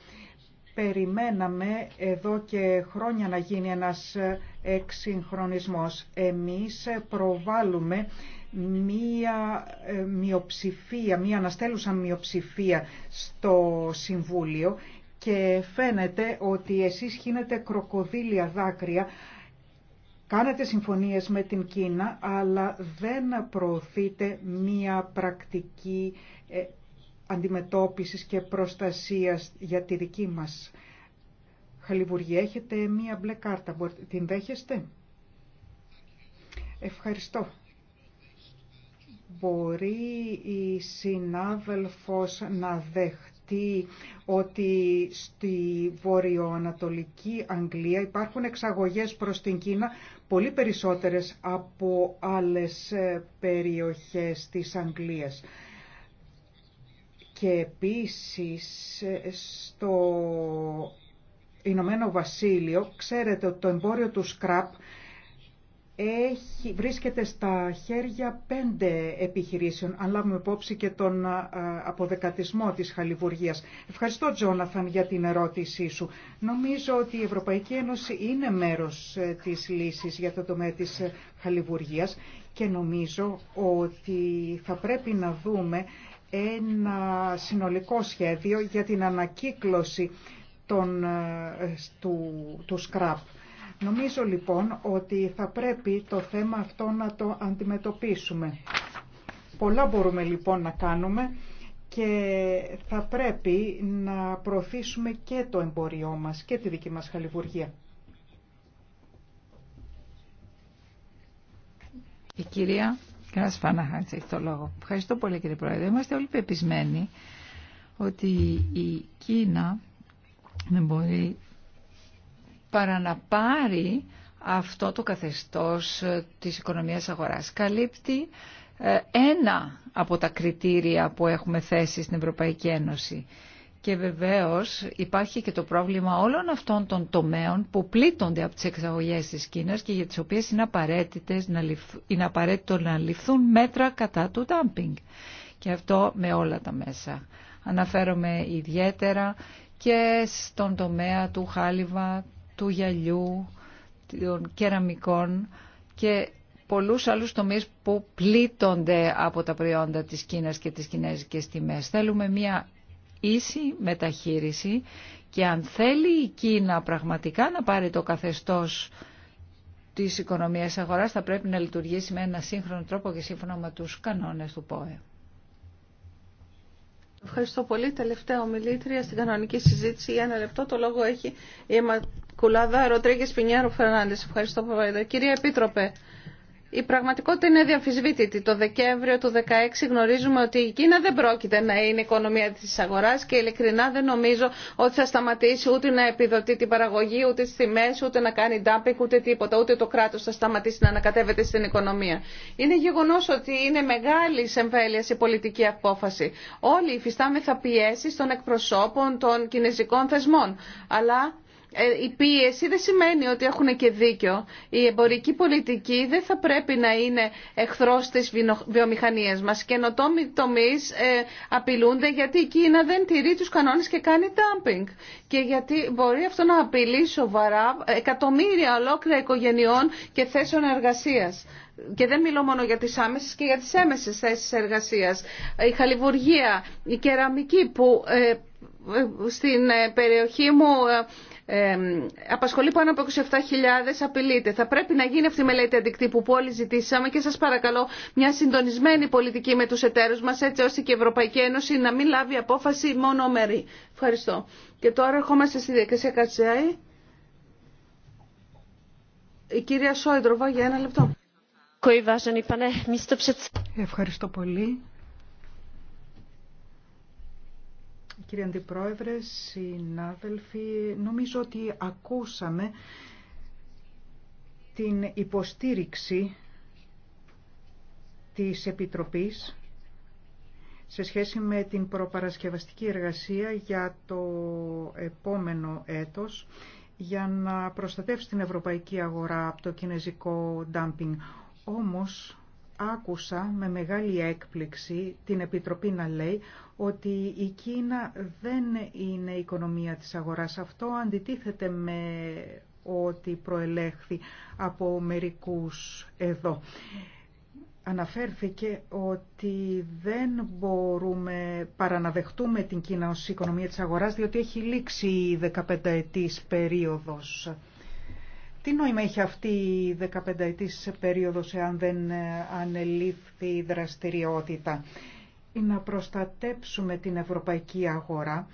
[SPEAKER 6] Περιμέναμε εδώ και χρόνια να γίνει ένας εξυγχρονισμός. Εμείς προβάλλουμε μία ε, μειοψηφία, μία αναστέλουσα μειοψηφία στο Συμβούλιο και φαίνεται ότι εσείς χύνετε κροκοδίλια δάκρυα, κάνετε συμφωνίες με την Κίνα, αλλά δεν προωθείτε μία πρακτική ε, αντιμετώπισης και προστασίας για τη δική μας χαλιβουργία. Έχετε μία μπλε κάρτα, την δέχεστε. Ευχαριστώ. Μπορεί η συνάδελφος να δέχτε ότι στη βορειοανατολική Αγγλία υπάρχουν εξαγωγές προς την Κίνα πολύ περισσότερες από άλλες ε, περιοχές της Αγγλίας. Και επίσης ε, στο Ηνωμένο Βασίλειο ξέρετε ότι το εμπόριο του σκραπ έχει, βρίσκεται στα χέρια πέντε επιχειρήσεων, αν λάβουμε υπόψη και τον αποδεκατισμό της Χαλιβουργίας. Ευχαριστώ, Τζόναθαν, για την ερώτησή σου. Νομίζω ότι η Ευρωπαϊκή Ένωση είναι μέρος ε, της λύσης για το τομέα της ε, Χαλιβουργίας και νομίζω ότι θα πρέπει να δούμε ένα συνολικό σχέδιο για την ανακύκλωση ε, του, του σκράπ Νομίζω λοιπόν ότι θα πρέπει το θέμα αυτό να το αντιμετωπίσουμε. Πολλά μπορούμε λοιπόν να κάνουμε και θα πρέπει να προωθήσουμε και το εμποριό μας και τη δική μας χαλιβουργία.
[SPEAKER 7] Η κυρία Χάντς έχει το λόγο. Ευχαριστώ πολύ κύριε Πρόεδρε. Είμαστε όλοι πεπισμένοι ότι η Κίνα δεν μπορεί παρά να πάρει αυτό το καθεστώς της οικονομίας αγοράς. Καλύπτει ε, ένα από τα κριτήρια που έχουμε θέσει στην Ευρωπαϊκή Ένωση. Και βεβαίως υπάρχει και το πρόβλημα όλων αυτών των τομέων που πλήττονται από τις εξαγωγές της Κίνας και για τις οποίες είναι, απαραίτητες να είναι απαραίτητο να ληφθούν μέτρα κατά του ντάμπινγκ. Και αυτό με όλα τα μέσα. Αναφέρομαι ιδιαίτερα και στον τομέα του χάλιβα, του γυαλιού, των κεραμικών και πολλούς άλλους τομείς που πλήττονται από τα προϊόντα της Κίνας και της Κινέζικης τιμές. Θέλουμε μια ίση μεταχείριση και αν θέλει η Κίνα πραγματικά να πάρει το καθεστώς της οικονομίας αγοράς θα πρέπει να λειτουργήσει με ένα σύγχρονο τρόπο και σύμφωνα με τους κανόνες του ΠΟΕ.
[SPEAKER 5] Ευχαριστώ πολύ. Τελευταία ομιλήτρια στην κανονική συζήτηση. Για ένα λεπτό το λόγο έχει η Ματκουλάδα Ροτρίγκε Πινιάρου Φερνάνδη. Ευχαριστώ πολύ. Κυρία Επίτροπε, η πραγματικότητα είναι διαφυσβήτητη. Το Δεκέμβριο του 2016 γνωρίζουμε ότι η Κίνα δεν πρόκειται να είναι η οικονομία τη αγορά, και ειλικρινά δεν νομίζω ότι θα σταματήσει ούτε να επιδοτεί την παραγωγή, ούτε τι τιμέ, ούτε να κάνει ντάμπικ, ούτε τίποτα, ούτε το κράτο θα σταματήσει να ανακατεύεται στην οικονομία. Είναι γεγονό ότι είναι μεγάλη εμβέλεια η πολιτική απόφαση. Όλοι υφιστάμεθα πιέσει των εκπροσώπων των κινέζικων θεσμών. Αλλά ε, η πίεση δεν σημαίνει ότι έχουν και δίκιο. Η εμπορική πολιτική δεν θα πρέπει να είναι εχθρός της βιομηχανίας μας. Καινοτόμοι τομείς ε, απειλούνται γιατί η Κίνα δεν τηρεί τους κανόνε και κάνει dumping. Και γιατί μπορεί αυτό να απειλεί σοβαρά ε, εκατομμύρια ολόκληρα οικογενειών και θέσεων εργασίας. Και δεν μιλώ μόνο για τις άμεσες και για τις έμεσες θέσεις εργασίας. Η χαλιβουργία, η κεραμική που στην περιοχή μου απασχολεί πάνω από 27.000, απειλείται. Θα πρέπει να γίνει αυτή η μελέτη αντικτύπου που όλοι ζητήσαμε και σας παρακαλώ μια συντονισμένη πολιτική με τους εταίρους μας έτσι ώστε και η Ευρωπαϊκή Ένωση να μην λάβει απόφαση μόνο μέρη. Ευχαριστώ. Και τώρα ερχόμαστε στη διακρισία Κατσέη. Η κυρία Σόιντροβα για ένα λεπτό.
[SPEAKER 6] Ευχαριστώ πολύ. Κύριε Αντιπρόεδρε, συνάδελφοι, νομίζω ότι ακούσαμε την υποστήριξη της Επιτροπής σε σχέση με την προπαρασκευαστική εργασία για το επόμενο έτος για να προστατεύσει την ευρωπαϊκή αγορά από το κινέζικο ντάμπινγκ. Όμως άκουσα με μεγάλη έκπληξη την Επιτροπή να λέει ότι η Κίνα δεν είναι η οικονομία της αγοράς. Αυτό αντιτίθεται με ότι προελέχθη από μερικούς εδώ. Αναφέρθηκε ότι δεν μπορούμε παρά να την Κίνα ως οικονομία της αγοράς διότι έχει λήξει η 15 ετής περίοδος. Τι νόημα έχει αυτή η 15 η περίοδος εάν δεν ε, ανελήφθη η δραστηριότητα. Να προστατέψουμε την ευρωπαϊκή αγορά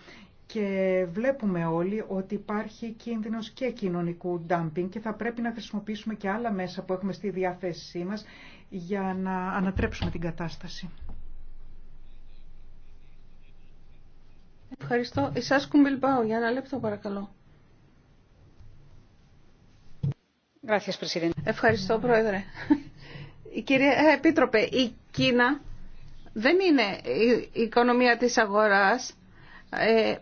[SPEAKER 6] και βλέπουμε όλοι ότι υπάρχει κίνδυνος και κοινωνικού ντάμπινγκ και θα πρέπει να χρησιμοποιήσουμε και άλλα μέσα που έχουμε στη διάθεσή μας για να ανατρέψουμε την κατάσταση.
[SPEAKER 5] Ευχαριστώ. Εσάς Κουμπιλπάου, για ένα λεπτό παρακαλώ. Ευχαριστώ, Πρόεδρε. Κύριε Επίτροπε, η Κίνα δεν είναι η οικονομία της αγοράς, ε,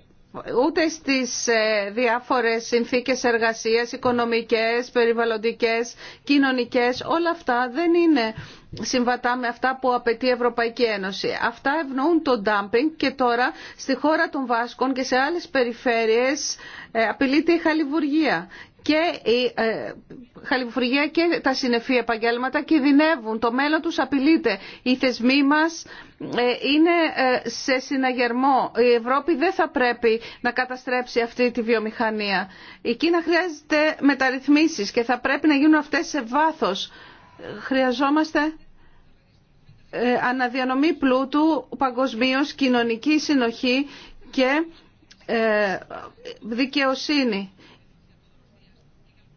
[SPEAKER 5] ούτε στις ε, διάφορες συνθήκες εργασίας, οικονομικές, περιβαλλοντικές, κοινωνικές, όλα αυτά δεν είναι συμβατά με αυτά που απαιτεί η Ευρωπαϊκή Ένωση. Αυτά ευνοούν το ντάμπινγκ και τώρα στη χώρα των Βάσκων και σε άλλες περιφέρειες ε, απειλείται η χαλιβουργία και η ε, χαλιβουργία και τα συνεφή επαγγέλματα κινδυνεύουν. Το μέλλον τους απειλείται. Οι θεσμοί μας ε, είναι ε, σε συναγερμό. Η Ευρώπη δεν θα πρέπει να καταστρέψει αυτή τη βιομηχανία. Η Κίνα χρειάζεται μεταρρυθμίσεις και θα πρέπει να γίνουν αυτές σε βάθος. Χρειαζόμαστε ε, αναδιανομή πλούτου, παγκοσμίω, κοινωνική συνοχή και δικαιοσύνη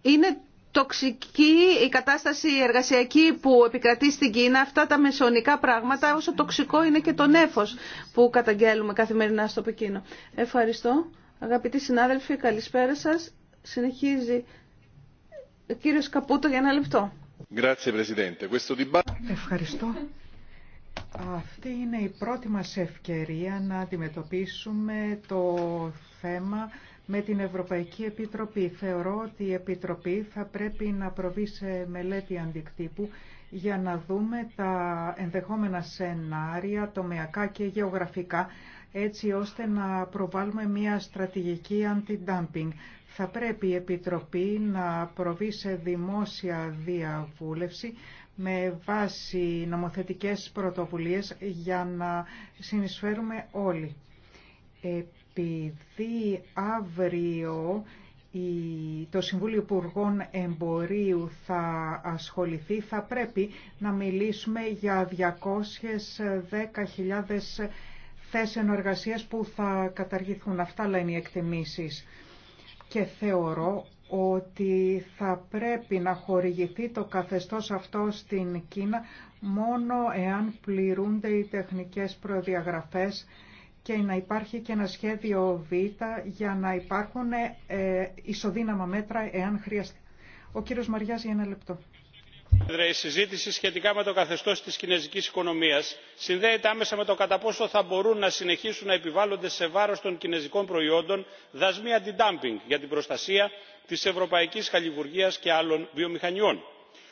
[SPEAKER 5] είναι τοξική η κατάσταση εργασιακή που επικρατεί στην Κίνα, αυτά τα μεσονικά πράγματα, όσο τοξικό είναι και το νέφος που καταγγέλουμε καθημερινά στο Πεκίνο. Ευχαριστώ. Αγαπητοί συνάδελφοι, καλησπέρα σας. Συνεχίζει ο κύριος Καπούτο για ένα λεπτό.
[SPEAKER 3] Ευχαριστώ.
[SPEAKER 6] Αυτή είναι η πρώτη μας ευκαιρία να αντιμετωπίσουμε το θέμα με την Ευρωπαϊκή Επιτροπή. Θεωρώ ότι η Επιτροπή θα πρέπει να προβεί σε μελέτη αντικτύπου για να δούμε τα ενδεχόμενα σενάρια, τομεακά και γεωγραφικά, έτσι ώστε να προβάλλουμε μια στρατηγική αντι-dumping. Θα πρέπει η Επιτροπή να προβεί σε δημόσια διαβούλευση με βάση νομοθετικές πρωτοβουλίες για να συνεισφέρουμε όλοι επειδή αύριο το Συμβούλιο Υπουργών Εμπορίου θα ασχοληθεί, θα πρέπει να μιλήσουμε για 210.000 θέσεις εργασίας που θα καταργηθούν. Αυτά λένε οι εκτιμήσεις. Και θεωρώ ότι θα πρέπει να χορηγηθεί το καθεστώς αυτό στην Κίνα μόνο εάν πληρούνται οι τεχνικές προδιαγραφές και να υπάρχει και ένα σχέδιο Β για να υπάρχουν ε, ισοδύναμα μέτρα εάν χρειαστεί. Ο κύριος Μαριάς για ένα λεπτό.
[SPEAKER 2] Η συζήτηση σχετικά με το καθεστώ τη κινεζική οικονομία συνδέεται άμεσα με το κατά πόσο θα μπορούν να συνεχίσουν να επιβάλλονται σε βάρος των κινέζικων προϊόντων δασμοί αντι-dumping για την προστασία τη Ευρωπαϊκή χαλιβουργίας και άλλων βιομηχανιών.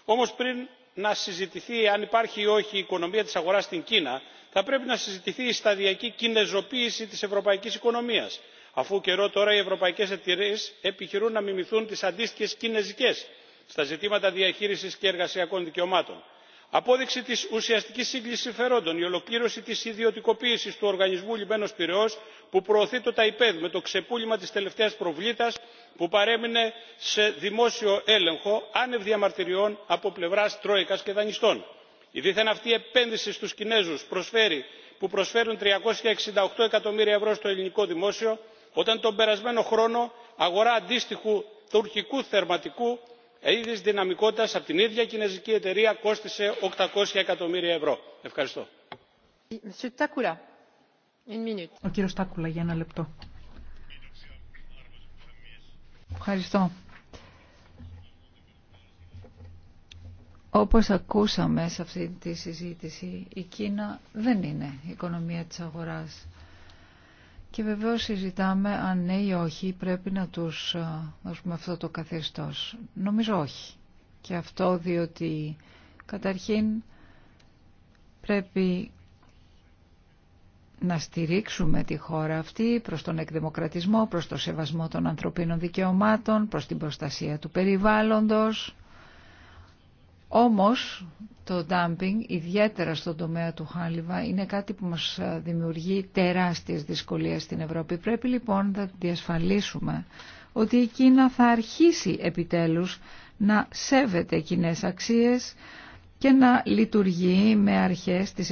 [SPEAKER 2] Όμω πριν να συζητηθεί αν υπάρχει ή όχι η οικονομία τη αγορά στην Κίνα θα πρέπει να συζητηθεί η σταδιακή κινεζοποίηση της ευρωπαϊκής οικονομίας αφού καιρό τώρα οι ευρωπαϊκές εταιρείες επιχειρούν να μιμηθούν τις αντίστοιχες κινεζικές στα ζητήματα διαχείρισης και εργασιακών δικαιωμάτων. απόδειξη της ουσιαστικής σύγκλησης συμφερόντων η ολοκλήρωση της ιδιωτικοποίησης του οργανισμού λιμένος Πυραιός, που προωθεί το ταϊπέδ με το ξεπούλημα της τελευταίας προβλήτας που παρέμεινε σε δημόσιο έλεγχο άνευ διαμαρτυριών από πλευράς τρόικας και δανειστών η δίθεν αυτή επένδυση στους κινέζους προσφέρει, που προσφέρουν 368 εκατομμύρια ευρώ στο ελληνικό δημόσιο όταν τον περασμένο χρόνο αγορά αντίστοιχου τουρκικού θερματικού ίδιας δυναμικότητας από την ίδια κινεζική εταιρεία κόστισε 800 εκατομμύρια ευρώ. ευχαριστώ.
[SPEAKER 6] Ο Τάκουλα για
[SPEAKER 7] λεπτό. Ευχαριστώ. Όπως ακούσαμε σε αυτή τη συζήτηση, η Κίνα δεν είναι η οικονομία της αγοράς. Και βεβαίως συζητάμε αν ναι ή όχι πρέπει να τους δώσουμε αυτό το καθεστώς. Νομίζω όχι. Και αυτό διότι καταρχήν πρέπει να στηρίξουμε τη χώρα αυτή προς τον εκδημοκρατισμό, προς το σεβασμό των ανθρωπίνων δικαιωμάτων, προς την προστασία του περιβάλλοντος, όμως το dumping, ιδιαίτερα στον τομέα του χάλιβα, είναι κάτι που μας ε, δημιουργεί τεράστιες δυσκολίες στην Ευρώπη. Πρέπει λοιπόν να διασφαλίσουμε ότι η Κίνα θα αρχίσει επιτέλους να σέβεται κοινέ αξίες και να λειτουργεί με αρχές της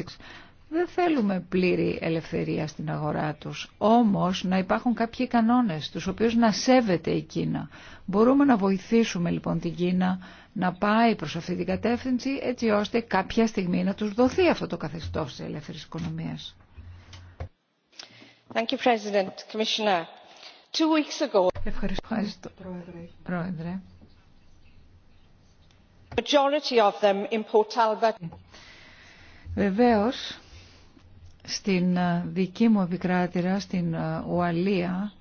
[SPEAKER 7] δεν θέλουμε πλήρη ελευθερία στην αγορά τους. Όμως να υπάρχουν κάποιοι κανόνες, τους οποίους να σέβεται η Κίνα. Μπορούμε να βοηθήσουμε λοιπόν την Κίνα να πάει προς αυτή την κατεύθυνση έτσι ώστε κάποια στιγμή να τους δοθεί αυτό το καθεστώς της ελεύθερης οικονομίας. Ευχαριστώ, Ευχαριστώ. Πρόεδρε. Πρόεδρε. Majority Βεβαίως, στην ε, δική μου επικράτηρα, στην ε, Ουαλία,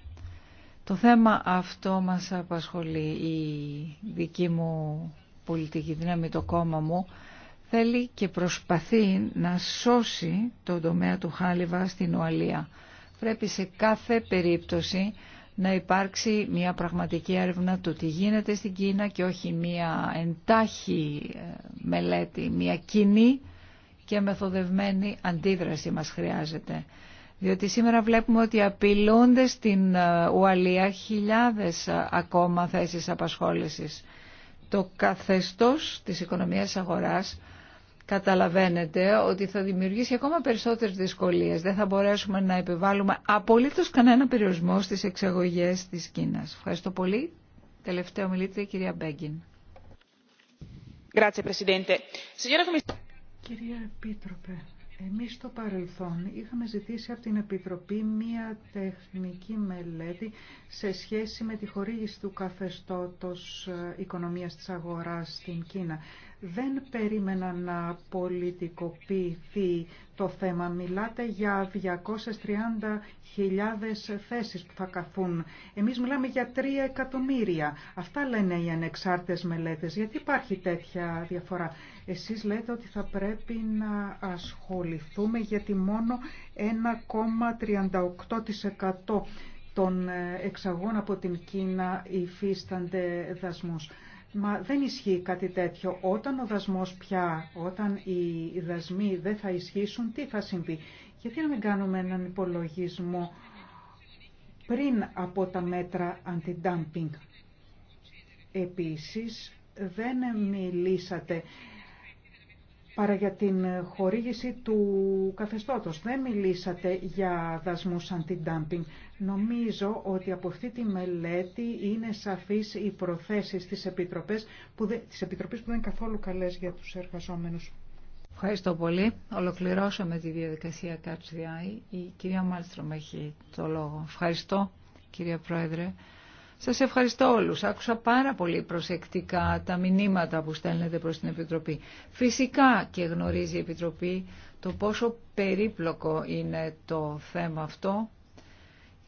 [SPEAKER 7] το θέμα αυτό μας απασχολεί. Η δική μου πολιτική δύναμη, το κόμμα μου, θέλει και προσπαθεί να σώσει το τομέα του χάλιβα στην Ουαλία. Πρέπει σε κάθε περίπτωση να υπάρξει μια πραγματική έρευνα του τι γίνεται στην Κίνα και όχι μια εντάχει ε, μελέτη, μια κοινή και μεθοδευμένη αντίδραση μας χρειάζεται. Διότι σήμερα βλέπουμε ότι απειλούνται στην ε, Ουαλία χιλιάδες ε, ακόμα θέσεις απασχόλησης. Το καθεστώς της οικονομίας αγοράς καταλαβαίνετε ότι θα δημιουργήσει ακόμα περισσότερες δυσκολίες. Δεν θα μπορέσουμε να επιβάλλουμε απολύτως κανένα περιορισμό στις εξαγωγές της Κίνας. Ευχαριστώ πολύ. Τελευταία μιλήτρια, κυρία Μπέγκιν.
[SPEAKER 6] Grazie, Κυρία Επίτροπε, εμείς στο παρελθόν είχαμε ζητήσει από την Επιτροπή μία τεχνική μελέτη σε σχέση με τη χορήγηση του καθεστώτος ε, οικονομίας της αγοράς στην Κίνα. Δεν περίμενα να πολιτικοποιηθεί το θέμα. Μιλάτε για 230.000 θέσεις που θα καθούν. Εμείς μιλάμε για 3 εκατομμύρια. Αυτά λένε οι ανεξάρτητες μελέτες. Γιατί υπάρχει τέτοια διαφορά. Εσείς λέτε ότι θα πρέπει να ασχοληθούμε γιατί μόνο 1,38% των ε, εξαγών από την Κίνα υφίστανται δασμούς. Μα δεν ισχύει κάτι τέτοιο. Όταν ο δασμός πια, όταν οι δασμοί δεν θα ισχύσουν, τι θα συμβεί. Γιατί να μην κάνουμε έναν υπολογισμό πριν από τα μέτρα αντι-dumping. Επίσης, δεν μιλήσατε παρά για την χορήγηση του καθεστώτος. Δεν μιλήσατε για δασμούς αντι-dumping. Νομίζω ότι από αυτή τη μελέτη είναι σαφής οι προθέσεις της Επιτροπής που δεν, που
[SPEAKER 7] δεν είναι καθόλου καλές για τους εργαζόμενους. Ευχαριστώ πολύ. Ολοκληρώσαμε τη διαδικασία Catch Η κυρία Μάλστρομ έχει το λόγο. Ευχαριστώ κυρία Πρόεδρε. Σας ευχαριστώ όλους. Άκουσα πάρα πολύ προσεκτικά τα μηνύματα που στέλνετε προς την Επιτροπή. Φυσικά και γνωρίζει η Επιτροπή το πόσο περίπλοκο είναι το θέμα αυτό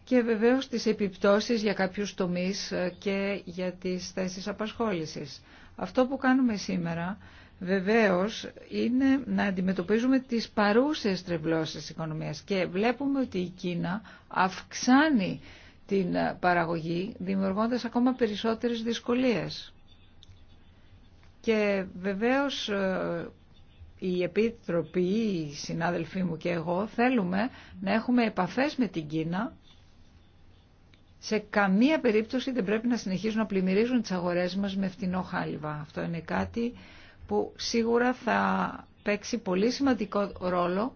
[SPEAKER 7] και βεβαίως τις επιπτώσεις για κάποιους τομείς και για τις θέσεις απασχόλησης. Αυτό που κάνουμε σήμερα βεβαίως είναι να αντιμετωπίζουμε τις παρούσες τρευλώσεις της οικονομίας και βλέπουμε ότι η Κίνα αυξάνει την παραγωγή, δημιουργώντας ακόμα περισσότερες δυσκολίες. Και βεβαίως ε, η Επίτροπη, οι συνάδελφοί μου και εγώ θέλουμε να έχουμε επαφές με την Κίνα. Σε καμία περίπτωση δεν πρέπει να συνεχίζουν να πλημμυρίζουν τις αγορές μας με φτηνό χάλιβα. Αυτό είναι κάτι που σίγουρα θα παίξει πολύ σημαντικό ρόλο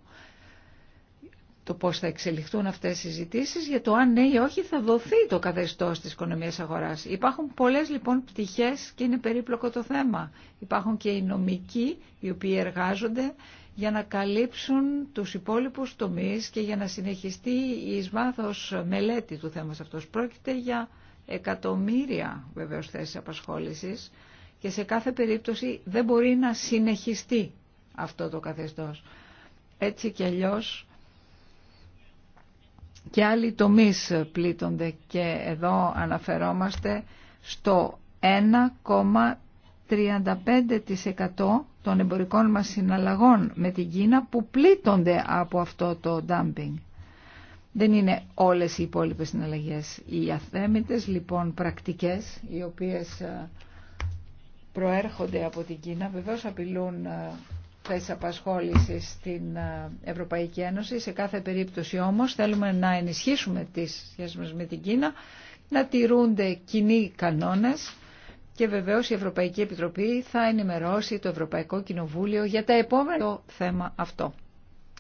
[SPEAKER 7] το πώς θα εξελιχθούν αυτές οι συζητήσεις, για το αν ναι ή όχι θα δοθεί το καθεστώς της οικονομίας αγοράς. Υπάρχουν πολλές λοιπόν πτυχές και είναι περίπλοκο το θέμα. Υπάρχουν και οι νομικοί οι οποίοι εργάζονται για να καλύψουν τους υπόλοιπους τομείς και για να συνεχιστεί η εισβάθος μελέτη του θέματος αυτός. Πρόκειται για εκατομμύρια βεβαίως θέσεις απασχόλησης και σε κάθε περίπτωση δεν μπορεί να συνεχιστεί αυτό το καθεστώς. Έτσι κι αλλιώς και άλλοι τομείς πλήττονται και εδώ αναφερόμαστε στο 1,35% των εμπορικών μας συναλλαγών με την Κίνα που πλήττονται από αυτό το dumping. Δεν είναι όλες οι υπόλοιπες συναλλαγές. Οι αθέμητες λοιπόν πρακτικές οι οποίες ε, προέρχονται από την Κίνα βεβαίως απειλούν ε, θέση απασχόληση στην ε, Ευρωπαϊκή Ένωση. Σε κάθε περίπτωση όμως θέλουμε να ενισχύσουμε τις σχέσεις μας με την Κίνα, να τηρούνται κοινοί κανόνες και βεβαίως η Ευρωπαϊκή Επιτροπή θα ενημερώσει το Ευρωπαϊκό Κοινοβούλιο για τα επόμενο θέμα αυτό.